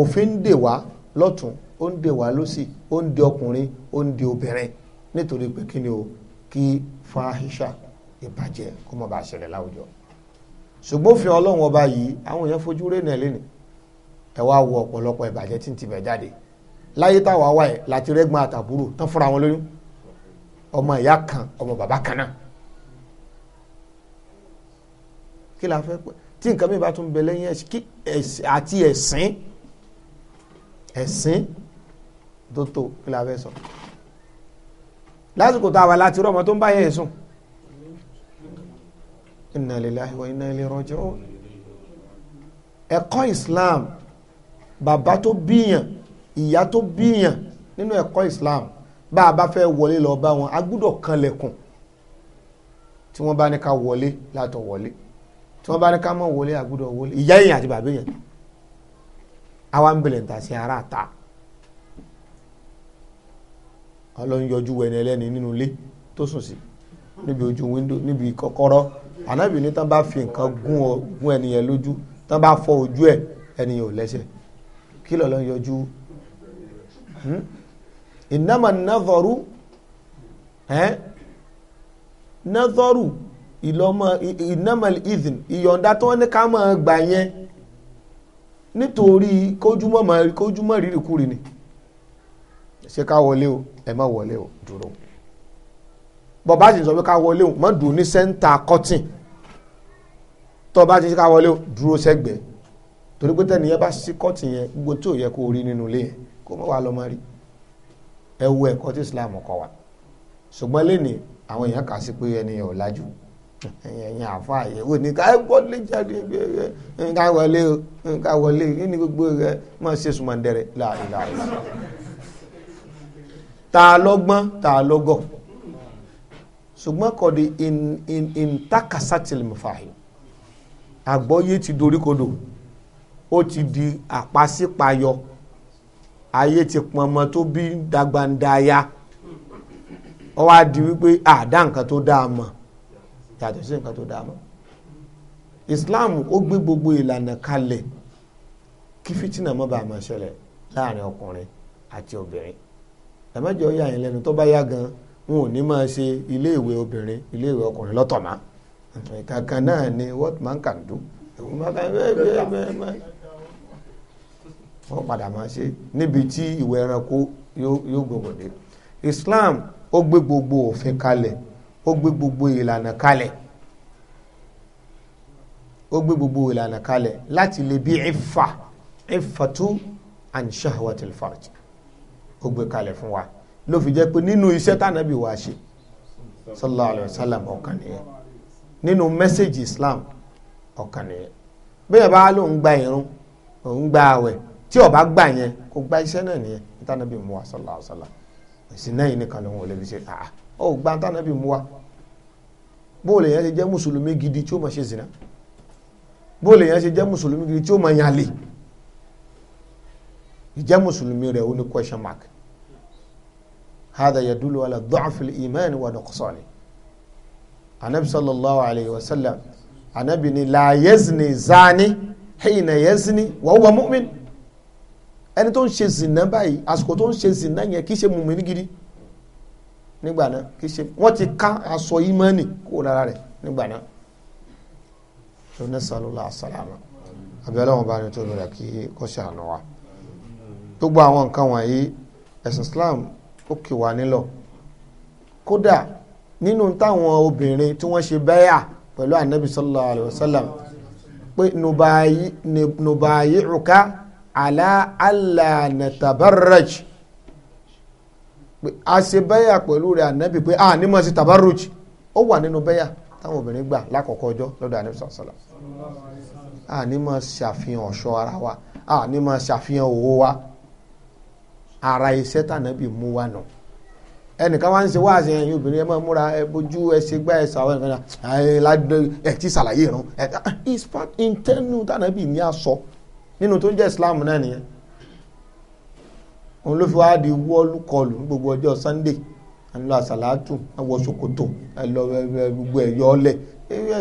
òfin dè wá lọ́tún ó ń de wá lọ́sì ó ń de ọkùnrin ó ń de obìnrin nítorí pé kí ni o kí fáhíṣà ìbàjẹ́ kó má bàa ṣẹlẹ̀ láwùjọ ṣùgbọ́n òfin ọlọ́run ọba yìí àwọn èèyàn fojú rẹ̀ náà lẹ́nu ẹ wá wo ọ̀pọ̀lọpọ̀ ìbàjẹ́ tí ń tibẹ̀ jáde láyé táwa wà ẹ̀ láti rẹ́gbọ́n àtàbúrò tán fúnra wọn lóyún ọmọ ìyá kan ọmọ bàbá kan náà kí la fẹ́ pẹ́ tí nǹkan mi bá tún bẹ lẹ́yìn ẹ̀sìn àti ẹ̀sìn ẹ̀sìn tó tó kí la fẹ́ sọ lásìkò tó àwa láti rọmọ tó ń bá yẹn sùn inna lillahi wa inna ilaihi raji'un ẹ̀kọ́ islam bàbá tó bíyàn ìyá tó bíyàn nínú ẹ̀kọ́ islam bá a bá fẹ́ wọlé lọ bá wọn a gbúdọ̀ kanlẹ̀kùn tí wọ́n bá ní ká wọlé látọ̀ wọlé tí wọ́n bá ní ká má wọlé a gbúdọ̀ wọlé ìyá èèyàn àti bàbá èèyàn àwa ń bẹ̀lẹ̀ ta sí ara ta ọlọ́run yọjú wẹni ẹlẹ́ni nínú ilé tó sùn sí níbi ojú wíńdò níbi kọ́kọ́rọ́ ànábì ní tán bá fi nǹkan gún ọ gún ẹnìyẹn lójú tán bá fọ ojú ẹ ẹnìyẹn ò lẹ́sẹ̀ kí lọ́lọ́run yọjú ìnáma nàvọ̀rú nàvọ̀rú ìlọ́mọ ìnáma ìdìn ìyọ̀ǹda tó ní ká máa gbà yẹn nítorí kójúmọ́ máa rí kójúmọ́ rírì kúrì ni ṣé ká wọlé o ẹ má wọlé o dúró bọ́ bá sì sọ pé ká wọlé o má dùn ní sẹ́ńtà kọ́tìn tọ́ bá ti ká wọlé o dúró sẹ́gbẹ̀ẹ́ torí pé tẹ́niyẹn bá sí kọ́tìn yẹn gbogbo tí ò yẹ kó rí nínú ilé yẹn kó má wà lọ́ máa rí ẹ wo ẹ̀kọ́ tí Islam kọ́ wa ṣùgbọ́n lẹ́nìí àwọn èèyàn kà sí pé ẹni ò ẹ̀yìn àfa àyẹ̀wò ní ká wọlé jáde ká wọlé ká wọlé kí ni gbogbo rẹ máa ṣe sùmọ̀ndẹ̀rẹ̀ láàrínlá ta lọ́gbọ́n ta lọ́gọ̀ ṣùgbọ́n kò di ìntàkàsátìlìmọ̀fàhìn àgbọ́yé ti doríkodò ó ti di àpasípayọ ayé ti pọnmọ tó bí dagbandaya ó wá di wípé àdá nǹkan tó dáa mọ̀ yàtọ̀ sí nǹkan tó dáa mọ́ Islam ó gbé gbogbo ìlànà kalẹ̀ kí fìtínà má bàa máa ṣẹlẹ̀ láàrin ọkùnrin àti obìnrin ẹ̀mẹ́jọ yà yín lẹ́nu tó bá yá gan wọn ò ní máa ṣe iléèwé obìnrin iléèwé ọkùnrin lọ́tọ̀ kankan náà ni what man can do èwo má kàn bẹ́ẹ̀ bẹ́ẹ̀ bẹ́ẹ̀ bẹ́ẹ̀ wọ́n padà máa ṣe níbi tí ìwé ẹranko yóò gbogbo dé Islam ó gbé gbogbo òfin kalẹ̀ ó gbé gbogbo ìlànà kalẹ̀ ó gbé gbogbo ìlànà kalẹ̀ láti lè bí ifa ifatu an shahwatil farj ó gbé kalẹ̀ fún wa ló fi jẹ́ pé nínú iṣẹ́ tánàbí wa ṣe sallallahu alayhi wa sallam ọ̀kan nìyẹn nínú mẹ́sẹ̀gì islam ọ̀kan nìyẹn bẹ́ẹ̀ bá lóun gba irun òun gba àwẹ̀ tí ó gbà yẹn kò gba iṣẹ́ náà nìyẹn tánàbí mu wa sallallahu alayhi wa sallam ìsìn náà yìí nìkan lòun ò lè fi ṣe àà ọ ò gbá tánàbì mú wa bóòlù èèyàn ṣe jẹ́ mùsùlùmí gidi tí ó máa ṣe zìnà bóòlù èèyàn ṣe jẹ́ mùsùlùmí gidi tí ó máa yàlè ìjẹ́ mùsùlùmí rẹ̀ ó ní question mark hada yadulu ala dọ́ọ̀fil iman wa nuqsani anabi sallallahu alayhi wa sallam anabi ni la yazni zani hina yazni wa huwa mu'min ẹni tó ń ṣe zìnà báyìí àsìkò tó ń ṣe zìnà yẹn kì í ṣe mùmí gidi nígbà náà kì í ṣe wọ́n ti ká aṣọ ìmánì kó lára rẹ̀ nígbà náà lọ́nà sàlùlà sàlámà abẹ́lẹ́ wọn bá ní tó lọ́dà kí kó ṣàánú wa gbogbo àwọn nǹkan wọ̀nyí ẹ̀sìn Islam ó kì wá nílọ kódà nínú táwọn obìnrin tí wọ́n ṣe bẹ́yà pẹ̀lú anabi sallallahu alayhi pé nubayi nubayi ruka ala ala natabarraj pé a ṣe bẹ́yà pẹ̀lú rẹ̀ ànábì pé a ní mọ̀ sí tabarruj ó wà nínú bẹ́yà táwọn obìnrin gbà lákọ̀ọ́kọ́ ọjọ́ lọ́dọ̀ ànábì sàlá a ní mọ̀ ṣàfihàn ọ̀ṣọ́ ara wa a ní mọ̀ ṣàfihàn òwò wa ara iṣẹ́ tànábì mú wa nù ẹnìkan wá ń ṣe wáàsí ẹ̀yin obìnrin ẹ máa múra ẹ bójú ẹ ṣe gbá ẹ sàwọn ẹnìkan ẹ ládé ẹ ti ṣàlàyé ìrún ẹ ah, is part intenu tànábì ní aṣọ nínú tó ń jẹ́ Islam náà nìyẹn òun ló fi wá di ní gbogbo ọjọ́ sunday àlọ́ àsàlátù ẹwọ ṣòkòtò ẹlọ gbogbo ẹ̀yọ́ ọlẹ̀ ẹ̀yọ́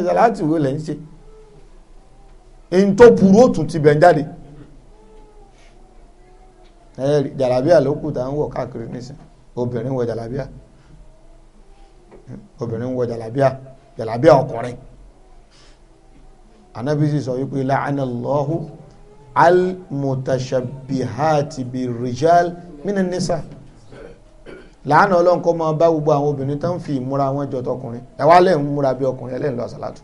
wo lẹ̀ ń ṣe èyí tó ti bẹ̀ ń jáde ẹ̀ẹ́rì jàlábíà ló kù tá ń wọ̀ káàkiri nísìn obìnrin wọ jàlábíà obìnrin wọ jàlábíà jàlábíà ọkùnrin almutashabihati birijal minan nisa làánà ọlọ́run kọ́ máa bá gbogbo àwọn obìnrin tó ń fi ìmúra wọn jọ tọkùnrin ẹ wá lẹ́yìn múra bí ọkùnrin ẹlẹ́yìn lọ àṣàlátù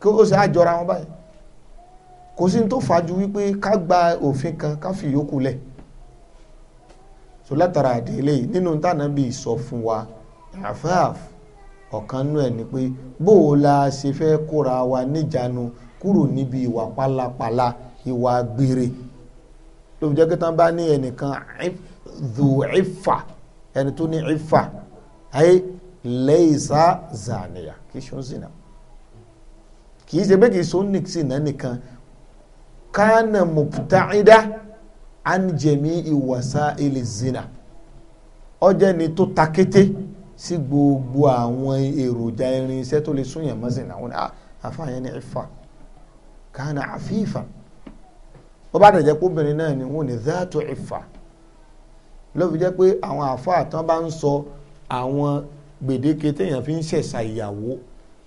kí ó sì àjọra wọn báyìí kò sí tó fàájú wípé ká gba òfin kan ká fi yòókù lẹ̀ so látara àdéhìlẹ yìí nínú tànà bíi sọ fún wa rafaf ọ̀kan nú ẹ̀ ni pé bó ṣe fẹ́ kóra wa níjànú kúrò níbi ìwà pálapàla ìwà gbére ló fi jẹ́ pé tán bá ní ẹnìkan dhu iffa ẹni tó ní iffa ayé laysa zàníyà kì í ṣe ń zina kì í ṣe pé kì í ṣe ń nìkan kánà mubta'ida an jami'i wasa'ili zina ọjẹ́ ni tó takété sí gbogbo àwọn èròjà irinṣẹ́ tó lè súnyàn mọ́sìn àwọn ah, àfààyàn ní iffa kánà àfífà bó bá tẹ̀jẹ́ pé obìnrin náà ni wọ́n ní zaatu ifa ló fi jẹ́ pé àwọn àfáà tán bá ń sọ àwọn gbèdéke téèyàn fi ń ṣẹ̀ṣà ìyàwó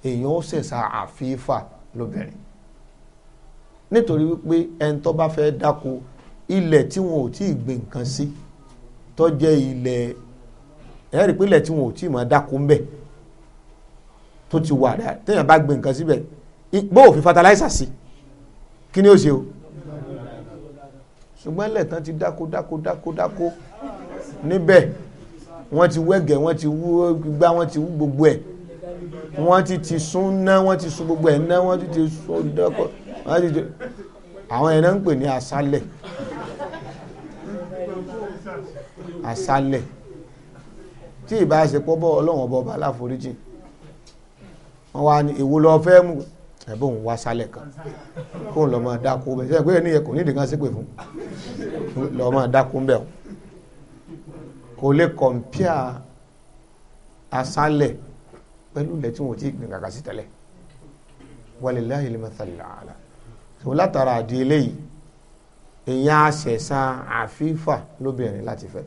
èèyàn ó ṣẹ̀ṣà àfífà lóbìnrin nítorí wípé ẹni tó bá fẹ́ dáko ilẹ̀ tí wọn ò tí ì gbìn nǹkan sí tó jẹ́ ilẹ̀ ẹ̀rí pé ilẹ̀ tí wọn ò tí ì máa dáko ń bẹ̀ tó ti wà dáa téèyàn bá gbìn nǹkan síbẹ̀ bó o fi sí kí ni ó ṣe o ṣùgbọ́n lẹ́tàn ti dáko dáko dáko dáko níbẹ̀ wọ́n ti wẹ́gẹ̀ wọ́n ti wú gbá wọ́n ti wú gbogbo ẹ̀ wọ́n ti ti sún ná wọ́n ti sun gbogbo ẹ̀ ná wọ́n ti ti sún dáko wọ́n ti ti àwọn ẹ̀rọ ń pè ní asálẹ̀ asálẹ̀ tí ìbáṣepọ̀ bọ́ ọlọ́wọ̀n bọ́ ọba aláforíjì wọ́n wá ní èwo lọ fẹ́ mú ẹbí òun wá sálẹ̀ kan kó lọ máa dákú bẹ ṣe pé ẹni yẹ kò nídìí kan sípè fún lọ máa dákú bẹ o kò lè kọ̀mpíà asálẹ̀ pẹ̀lú ilẹ̀ tí wọ́n ti gbìn kàkà sí tẹ́lẹ̀ walillahi limathalil ala tó látara àdí eléyìí èèyàn àṣẹ̀sán àfífà lóbìnrin láti fẹ́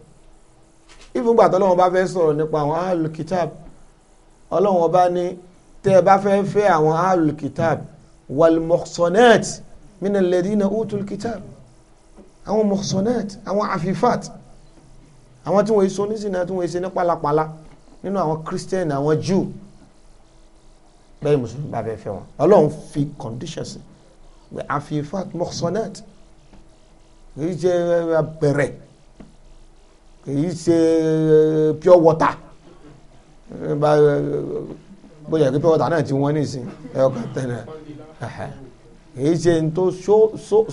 ìfúngbà tọ́lọ́wọ́n bá fẹ́ sọ̀rọ̀ nípa àwọn alkitab ọlọ́wọ́n bá ní tẹ́ ẹ bá fẹ́ fẹ́ àwọn ahlul kitab wal muhsanat min alladhina utul kitab àwọn muhsanat àwọn afifat àwọn tí wọ́n èso nísìnyí tí wọ́n èso ní pálapàla nínú àwọn christian àwọn jew bẹ́ẹ̀ mùsùlùmí bá fẹ́ fẹ́ wọn ọlọ́run fi conditions pé àfihàn muhsanat kìí ṣe eh, abẹ̀rẹ̀ kìí ṣe eh, pure water eh, bó jẹ́ pípẹ́ ọ̀tá náà ti wọ́n nísìn ẹ̀ ọkàn tẹ̀lẹ̀ èyí ṣe ń tó so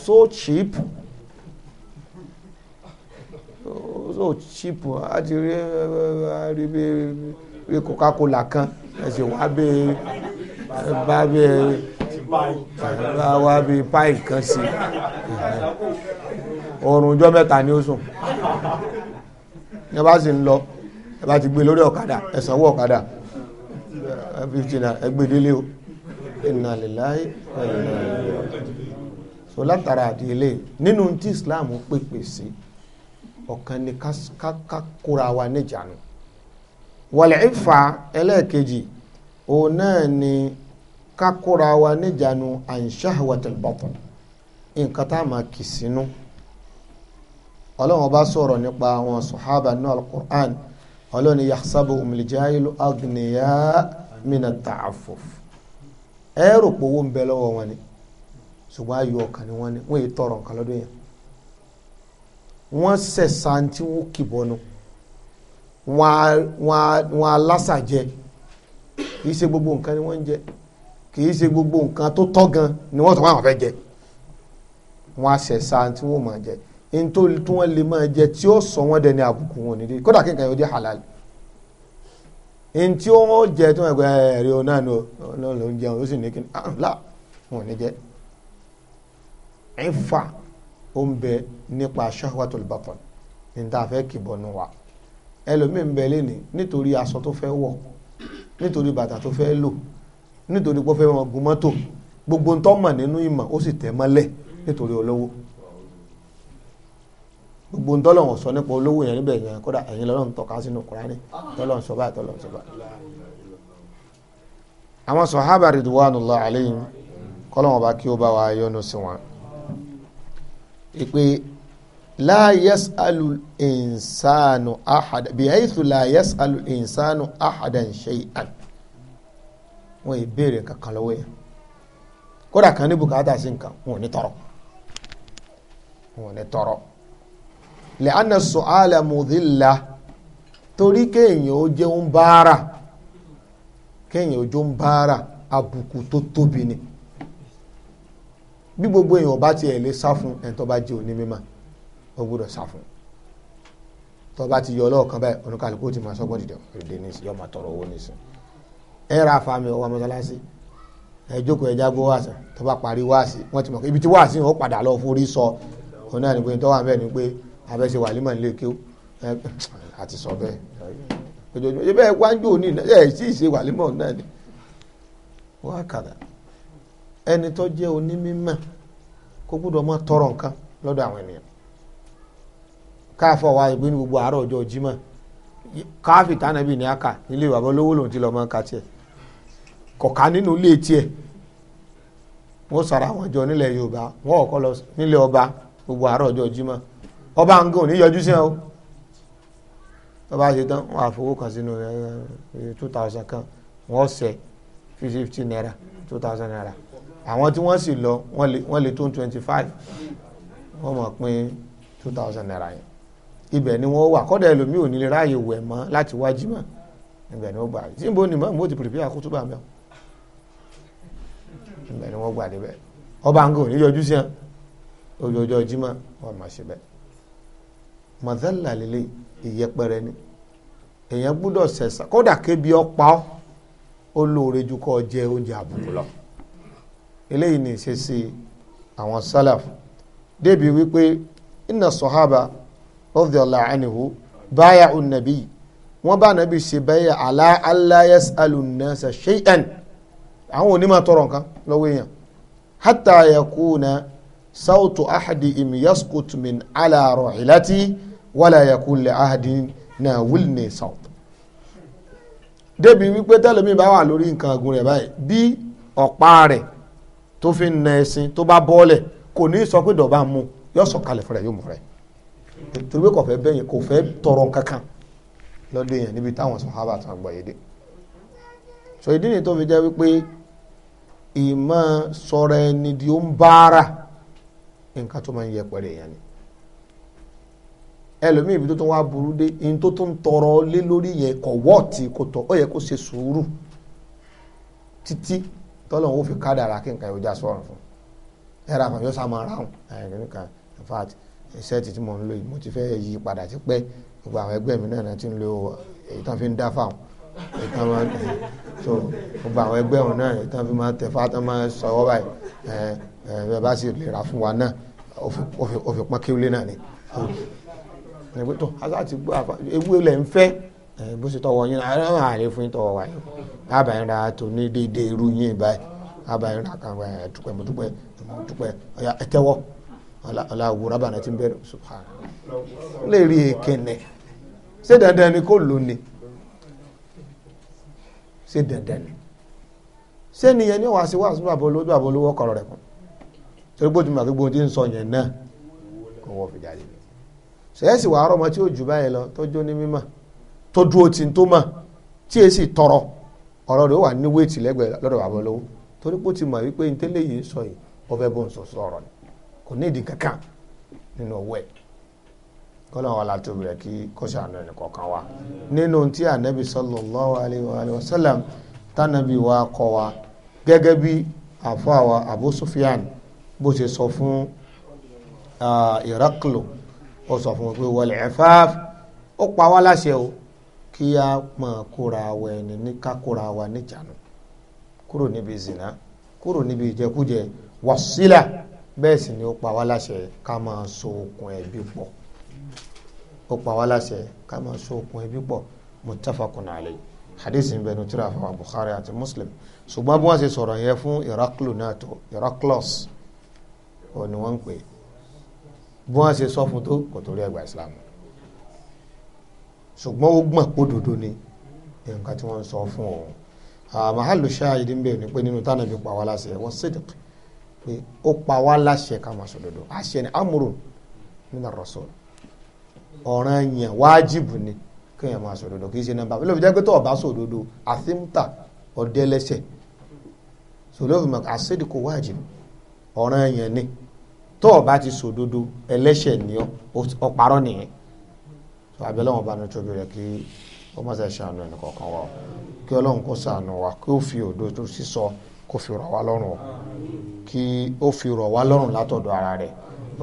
so cheap so cheap a ti rí rí bí rí coca-cola kan ẹ sì wá bí bá bí wá bí pie kan sí oorun ọjọ́ mẹ́ta ni ó sùn ẹ bá sì ń lọ ẹ bá ti gbé lórí ọ̀kadà ẹ sanwó ọ̀kadà one fifty naira ẹgbẹ́ délé o inna lillahi wa inna ilaihi so látara àdìyẹlẹ nínú tí Islam pèpè sí ọ̀kan ni ká kóra wa níjànú wàlẹ̀ ìfà ẹlẹ́ẹ̀kejì òun náà ni ká kóra wa níjànú an shahwatil nǹkan tá a máa kì sínú ọlọ́run bá sọ̀rọ̀ nípa àwọn sọ̀hábà náà al ọlọ́run yahsabuhumul jahilu aghniya mina ta'affuf ẹ rò pé owó ń bẹ lọ́wọ́ wọn ni ṣùgbọ́n ayọ̀ ọkàn ni wọ́n ní wọ́n yìí tọrọ nǹkan lọ́dún yẹn wọ́n sẹ̀sà tí wọ́n kì bọ́nu wọ́n alásàjẹ kì í ṣe gbogbo nǹkan ni wọ́n ń jẹ kì í ṣe gbogbo nǹkan tó tọ́ gan ni wọ́n tó máa fẹ́ jẹ wọ́n sẹ̀sà tí wọ́n máa jẹ nítorí tí wọ́n lè máa jẹ tí ó sọ wọ́n dẹni àbùkù wọn nídìí kódà kí nǹkan yẹn ó jẹ́ halal n tí ó jẹ tí wọ́n gbẹ ẹ̀rí o náà ló ló ń jẹun ó sì ní kí ni ah, là wọn ò ní jẹ ẹ̀fà ó ń bẹ nípa shahwatul baton ní ta fẹ́ kìbọnú wa ẹlòmíì ń bẹ lẹ́ni nítorí aṣọ tó fẹ́ wọ̀ nítorí bàtà tó fẹ́ lò nítorí pé ó fẹ́ wọn gun mọ́tò gbogbo ń mọ̀ nínú ìmọ̀ ó sì tẹ̀ mọ́lẹ̀ nítorí olówó gbogbo ń tọ́lọ̀ sọ nípa olówó yẹn níbẹ̀ yẹn kódà ẹ̀yin lọ́lọ́run tọ́ka sínú kúránì tọ́lọ̀ sọ báyìí tọ́lọ̀ sọ báyìí. àwọn sọ̀hábà ridwanullahi alayhim kọ́lọ́wọ́n bá kí ó bá wa yọ́nú sí wọn. ìpè la yas'alu insanu ahadan bihaythu la yas'alu insanu ahadan shay'an wọn ì béèrè kankan lọ́wọ́ yẹn kódà kan ní bùkátà sí nǹkan wọn ní tọrọ wọn ní tọrọ lẹ́ànà sọ̀hálà mùdílà torí kéèyàn ó jẹun báárà kéèyàn ó jẹun báárà àbùkù tó tóbi ni bí gbogbo èèyàn bá tiẹ̀ lè sá fún ẹ̀ tó bá jẹ́ òní mímọ́ ó gbọ́dọ̀ sá fún tó bá ti yọ ọlọ́ọ̀kan báyìí oníkàlùkù ó ti máa sọ́gbọ́n dìde òde nísìn yọ máa tọrọ owó nísìn ẹ ra àfàmì ọwọ́ mọ́sálásí ẹ jókòó ẹ jágbó wáàsì tó bá parí wáàsì wọ́n ti mọ̀ ibi tí wáàsì wọn padà lọ forí sọ òun náà ni pé tó wà bẹ́ẹ̀ ni pé abẹ́sẹ̀ wà límọ̀ nílé kíó àti sọ bẹ́ẹ̀ ojoojúmọ́ ṣe bẹ́ẹ̀ wájú òní ẹ̀ sì ṣe wà límọ̀ náà ni wọ́n á kàdà ẹni tó jẹ́ onímímọ̀ kó gbúdọ̀ máa tọrọ nǹkan lọ́dọ̀ àwọn ènìyàn káàfọ̀ wa ìgbín ní gbogbo àárọ̀ ọjọ́ Jímọ̀ káàfì tánàbì ní aka nílé bàbá olówó lòun ti lọ máa ń ka tiẹ̀ kọ̀ọ̀ká nínú ilé tiẹ̀ wọ́n sọ̀rọ̀ àwọn ọjọ́ nílẹ̀ Yorùbá wọ́n kọ́ lọ nílé ọba gbogbo àárọ̀ ọjọ́ Jímọ̀ ọba nǹkan ò ní yọjú sí ẹ o tọ́ba ṣe tán wọ́n àfowó kan sínú two thousand kan wọ́n ṣe fifty naira two thousand naira àwọn tí wọ́n sì lọ wọ́n lè tó twenty five wọ́n mọ̀ pín two thousand naira yẹn ibẹ̀ ni wọ́n wà kọ́dà ẹlòmíì ò ní lè ráàyè wẹ̀ mọ́ láti wájú mọ́ ibẹ̀ ni wọ́n gbà tí nbọ ni mo ti pèpè àkótó bá mi ọ ibẹ̀ ni wọ́n gbà débẹ̀ ọba nǹkan ò ní yọjú sí ẹ ojoojọ́ jimá wọ́n máa ṣe mọ̀tẹ́lá lélẹ̀ ìyẹpẹrẹ ni èèyàn gbúdọ̀ sẹ̀sà kódà kébi ọ̀pá ọ́ ó lóore ju kọ́ jẹ oúnjẹ àbùkù lọ eléyìí ní ìṣesí àwọn sálàf débi wípé inna sọ̀hábà radiyallahu anhu baya'u nabi wọ́n bá nàbí ṣe báyà ala alla yas'alun nasa shay'an àwọn onímọ̀ tọrọ nǹkan lọ́wọ́ èèyàn hatta yakuna sawtu ahadi im yasqut min ala rahilati wala yakun li na wilne south débi wípé bá wà lórí nǹkan báyìí bí ọ̀pá fi na ẹṣin tó bá bọ́ọ̀lẹ̀ kò ní sọ pé dọ̀bá mu yọ sọ kalẹ̀ fúnra yóò mú rẹ̀ torí pé kò fẹ́ bẹ́yìn kò fẹ́ tọrọ kankan lọ́dún yẹn níbi táwọn tó gbọ́ yé so ìdí ni tó fi jẹ́ wípé ìmọ̀ sọ̀rọ̀ ẹni di ó ń bára nǹkan tó máa ni ẹlòmíì ibi tó tún wá burú dé in tó tún tọrọ lé lórí yẹn kọ wọ́ọ̀tì kò tọ̀ ó yẹ kó ṣe sùúrù títí tọ́lọ̀ ó fi kádàrà kí nǹkan ìwòjà sọ̀rọ̀ fún ẹ̀rọ àfàmì ọ̀sà máa ráhùn ẹ̀rọ nìkan in fact ṣẹ́ẹ̀tì tí mo ń lò yìí mo ti fẹ́ yí padà ti pẹ́ gbogbo àwọn ẹgbẹ́ mi náà ti ń lo èyí tán fi ń dá fáwọn èyí tán máa ń so gbogbo àwọn ẹgbẹ́ wọn náà èyí tán fi máa ń tẹ̀ fáwọn tán máa ń sọ ọ́ báyìí ẹ̀ ẹ̀ bá sì lè rà fún wa náà ó fi pọ́n kéwìlé náà ni ẹgbẹ́ tó asa ti gbọ́ ewu lẹ̀ ń fẹ́ bó ṣe tọwọ́ yín àwọn àlè fún yín tọwọ́ wa yín abayín ra tó ní dédé irú yín báyìí abayín ra kan wáyà dúpẹ́ mo dúpẹ́ mo dúpẹ́ ọ̀yà ẹ̀tẹ́wọ́ ọ̀làwò rábànà ti ń bẹ̀rẹ̀ subhana lè rí èkéne ṣé dandan ni kò lónìí ṣé dandan ni ṣé nìyẹn ní wàásù wàásù bàbá olówó bàbá olówó kọ̀rọ̀ rẹ̀ kù torí gbódùmọ̀ àgbégbó tí ń sọ yẹn náà kò wọ́ fi jáde sẹ́ẹ̀sì wàá rọmọ tí ó jù báyìí lọ tó jó ní mímọ̀ tó dúró tì ń tó mọ̀ tí èsì tọrọ ọ̀rọ̀ rẹ̀ ó wà ní wéètì lẹ́gbẹ̀ẹ́ lọ́dọ̀ bàbá olówó torí pé ó ti mọ̀ wípé ntẹ́lẹ̀ yìí sọ yìí ó fẹ́ bó ń sọ sọ̀rọ̀ ni kò ní ìdí kankan nínú owó ẹ̀ kọ́lọ́n wa láti bẹ̀rẹ̀ kí kọ́sà àná ẹni kọ̀ọ̀kan wa nínú tí ànábì sallallahu Abu Sufyan bó ṣe sọ fún Ìrákìlò ah, ó sọ fún wọn pé wal ifaf ó pa wá láṣẹ o kí a pọ̀n kóra wa ẹni ní ká kóra wa níjànú kúrò níbi zina kúrò níbi ìjẹkújẹ wàsílà bẹ́ẹ̀ sì ni ó pa wá láṣẹ ká máa so okùn ẹbí pọ̀ ó pa wá láṣẹ ká máa so okùn ẹbí pọ̀ muttafaqun alayhi hadith ń bẹnu tíra fún Bukhari àti Muslim ṣùgbọ́n bí wọ́n ṣe sọ̀rọ̀ yẹn fún Heraclus náà tó Heraclus ò ní wọ́n ń pè é bí wọ́n ṣe sọ fún tó kò torí ẹgbà islam ṣùgbọ́n ó gbọ̀n kó dodo ni nǹkan tí wọ́n sọ fún òun mahalu shahid ń bẹ̀rù ni pé nínú tánàbí pa wá láṣẹ wọ́n sídìkì pé ó pa wá láṣẹ ká máa sọ dodo àṣẹ ni amúrò nínú rasul ọ̀ràn yẹn wájibù ni kéèyàn máa sọ dodo kì í ṣe nọ́mbà bí lóbi jẹ́ pé tó ọ̀bá sọ dodo àfíńtà ọ̀dẹ́lẹ́sẹ̀ sọlọ́ọ̀fù mọ̀ àṣídìkù wájibù ọ̀ràn yẹn ni tó o bá ti sòdodo ẹlẹ́ṣẹ̀ ni ọ parọ́ nìyẹn tó abẹ́lẹ́ wọn bá ní tóbi rẹ̀ kí ó má ṣe ṣàánú ẹnì kọ̀ọ̀kan wa kí ọlọ́run kó ṣàánú wa kí ó fi òdodo sísọ kó fi rọ̀ wá lọ́rùn o kí ó fi rọ̀ wá lọ́rùn látọ̀dọ̀ ara rẹ̀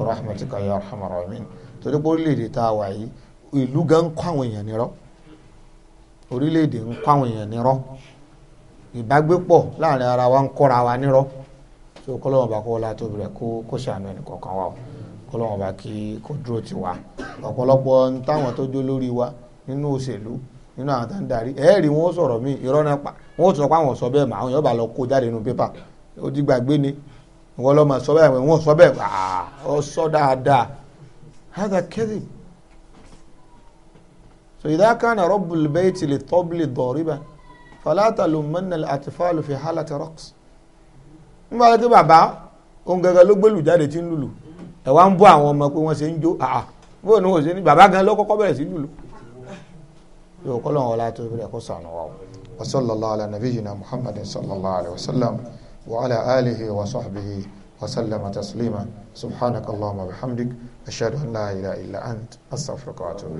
rahmatika ya arhamar rahimin torí pé orílẹ̀-èdè tá a wà yìí ìlú gan ń kọ́ àwọn èèyàn nírọ́ orílẹ̀-èdè ń kọ́ àwọn èèyàn nírọ́ ìbágbépọ̀ láàrin ara wa ń kọ́ra wa nírọ́ so kọ́lọ́wọ́n bá kó wọlé àtòbí rẹ̀ kó kó ṣàánú ẹnì kọ̀ọ̀kan wa o bá kí kó dúró ti wa ọ̀pọ̀lọpọ̀ táwọn tó jó lórí wa nínú òṣèlú nínú àwọn tá ń darí ẹ̀ẹ́rì wọn sọ̀rọ̀ míì irọ́ náà pa wọn sọ pé àwọn sọ bẹ́ẹ̀ mà àwọn yóò bá lọ kó jáde nínú pépà ó ti gbàgbé ni wọn lọ mà sọ bẹ́ẹ̀ wọn sọ bẹ́ẹ̀ ọ ah, sọ dáadáa hada kẹ́rì so idha kana rabbul bayti li tabli dariban fala talumanna al atfalu fi halati raqs nígbà tó bàbá òun gangan ló gbélù jáde tí ń lùlù ẹ̀ wá ń bọ́ àwọn ọmọ pé wọ́n ṣe ń jó àà bóun ni wọ́n ṣe ní bàbá gan ló kọ́kọ́ bẹ̀rẹ̀ sí lùlù yóò kọ́ lọ́wọ́ ọlá tó bẹ̀rẹ̀ kó sànù wa wa sallallahu ala nabiyyina muhammadin sallallahu alayhi wa sallam wa ala alihi wa sahbihi wa sallama taslima subhanakallahumma wa bihamdik ashhadu an la ilaha illa ant astaghfiruka wa atubu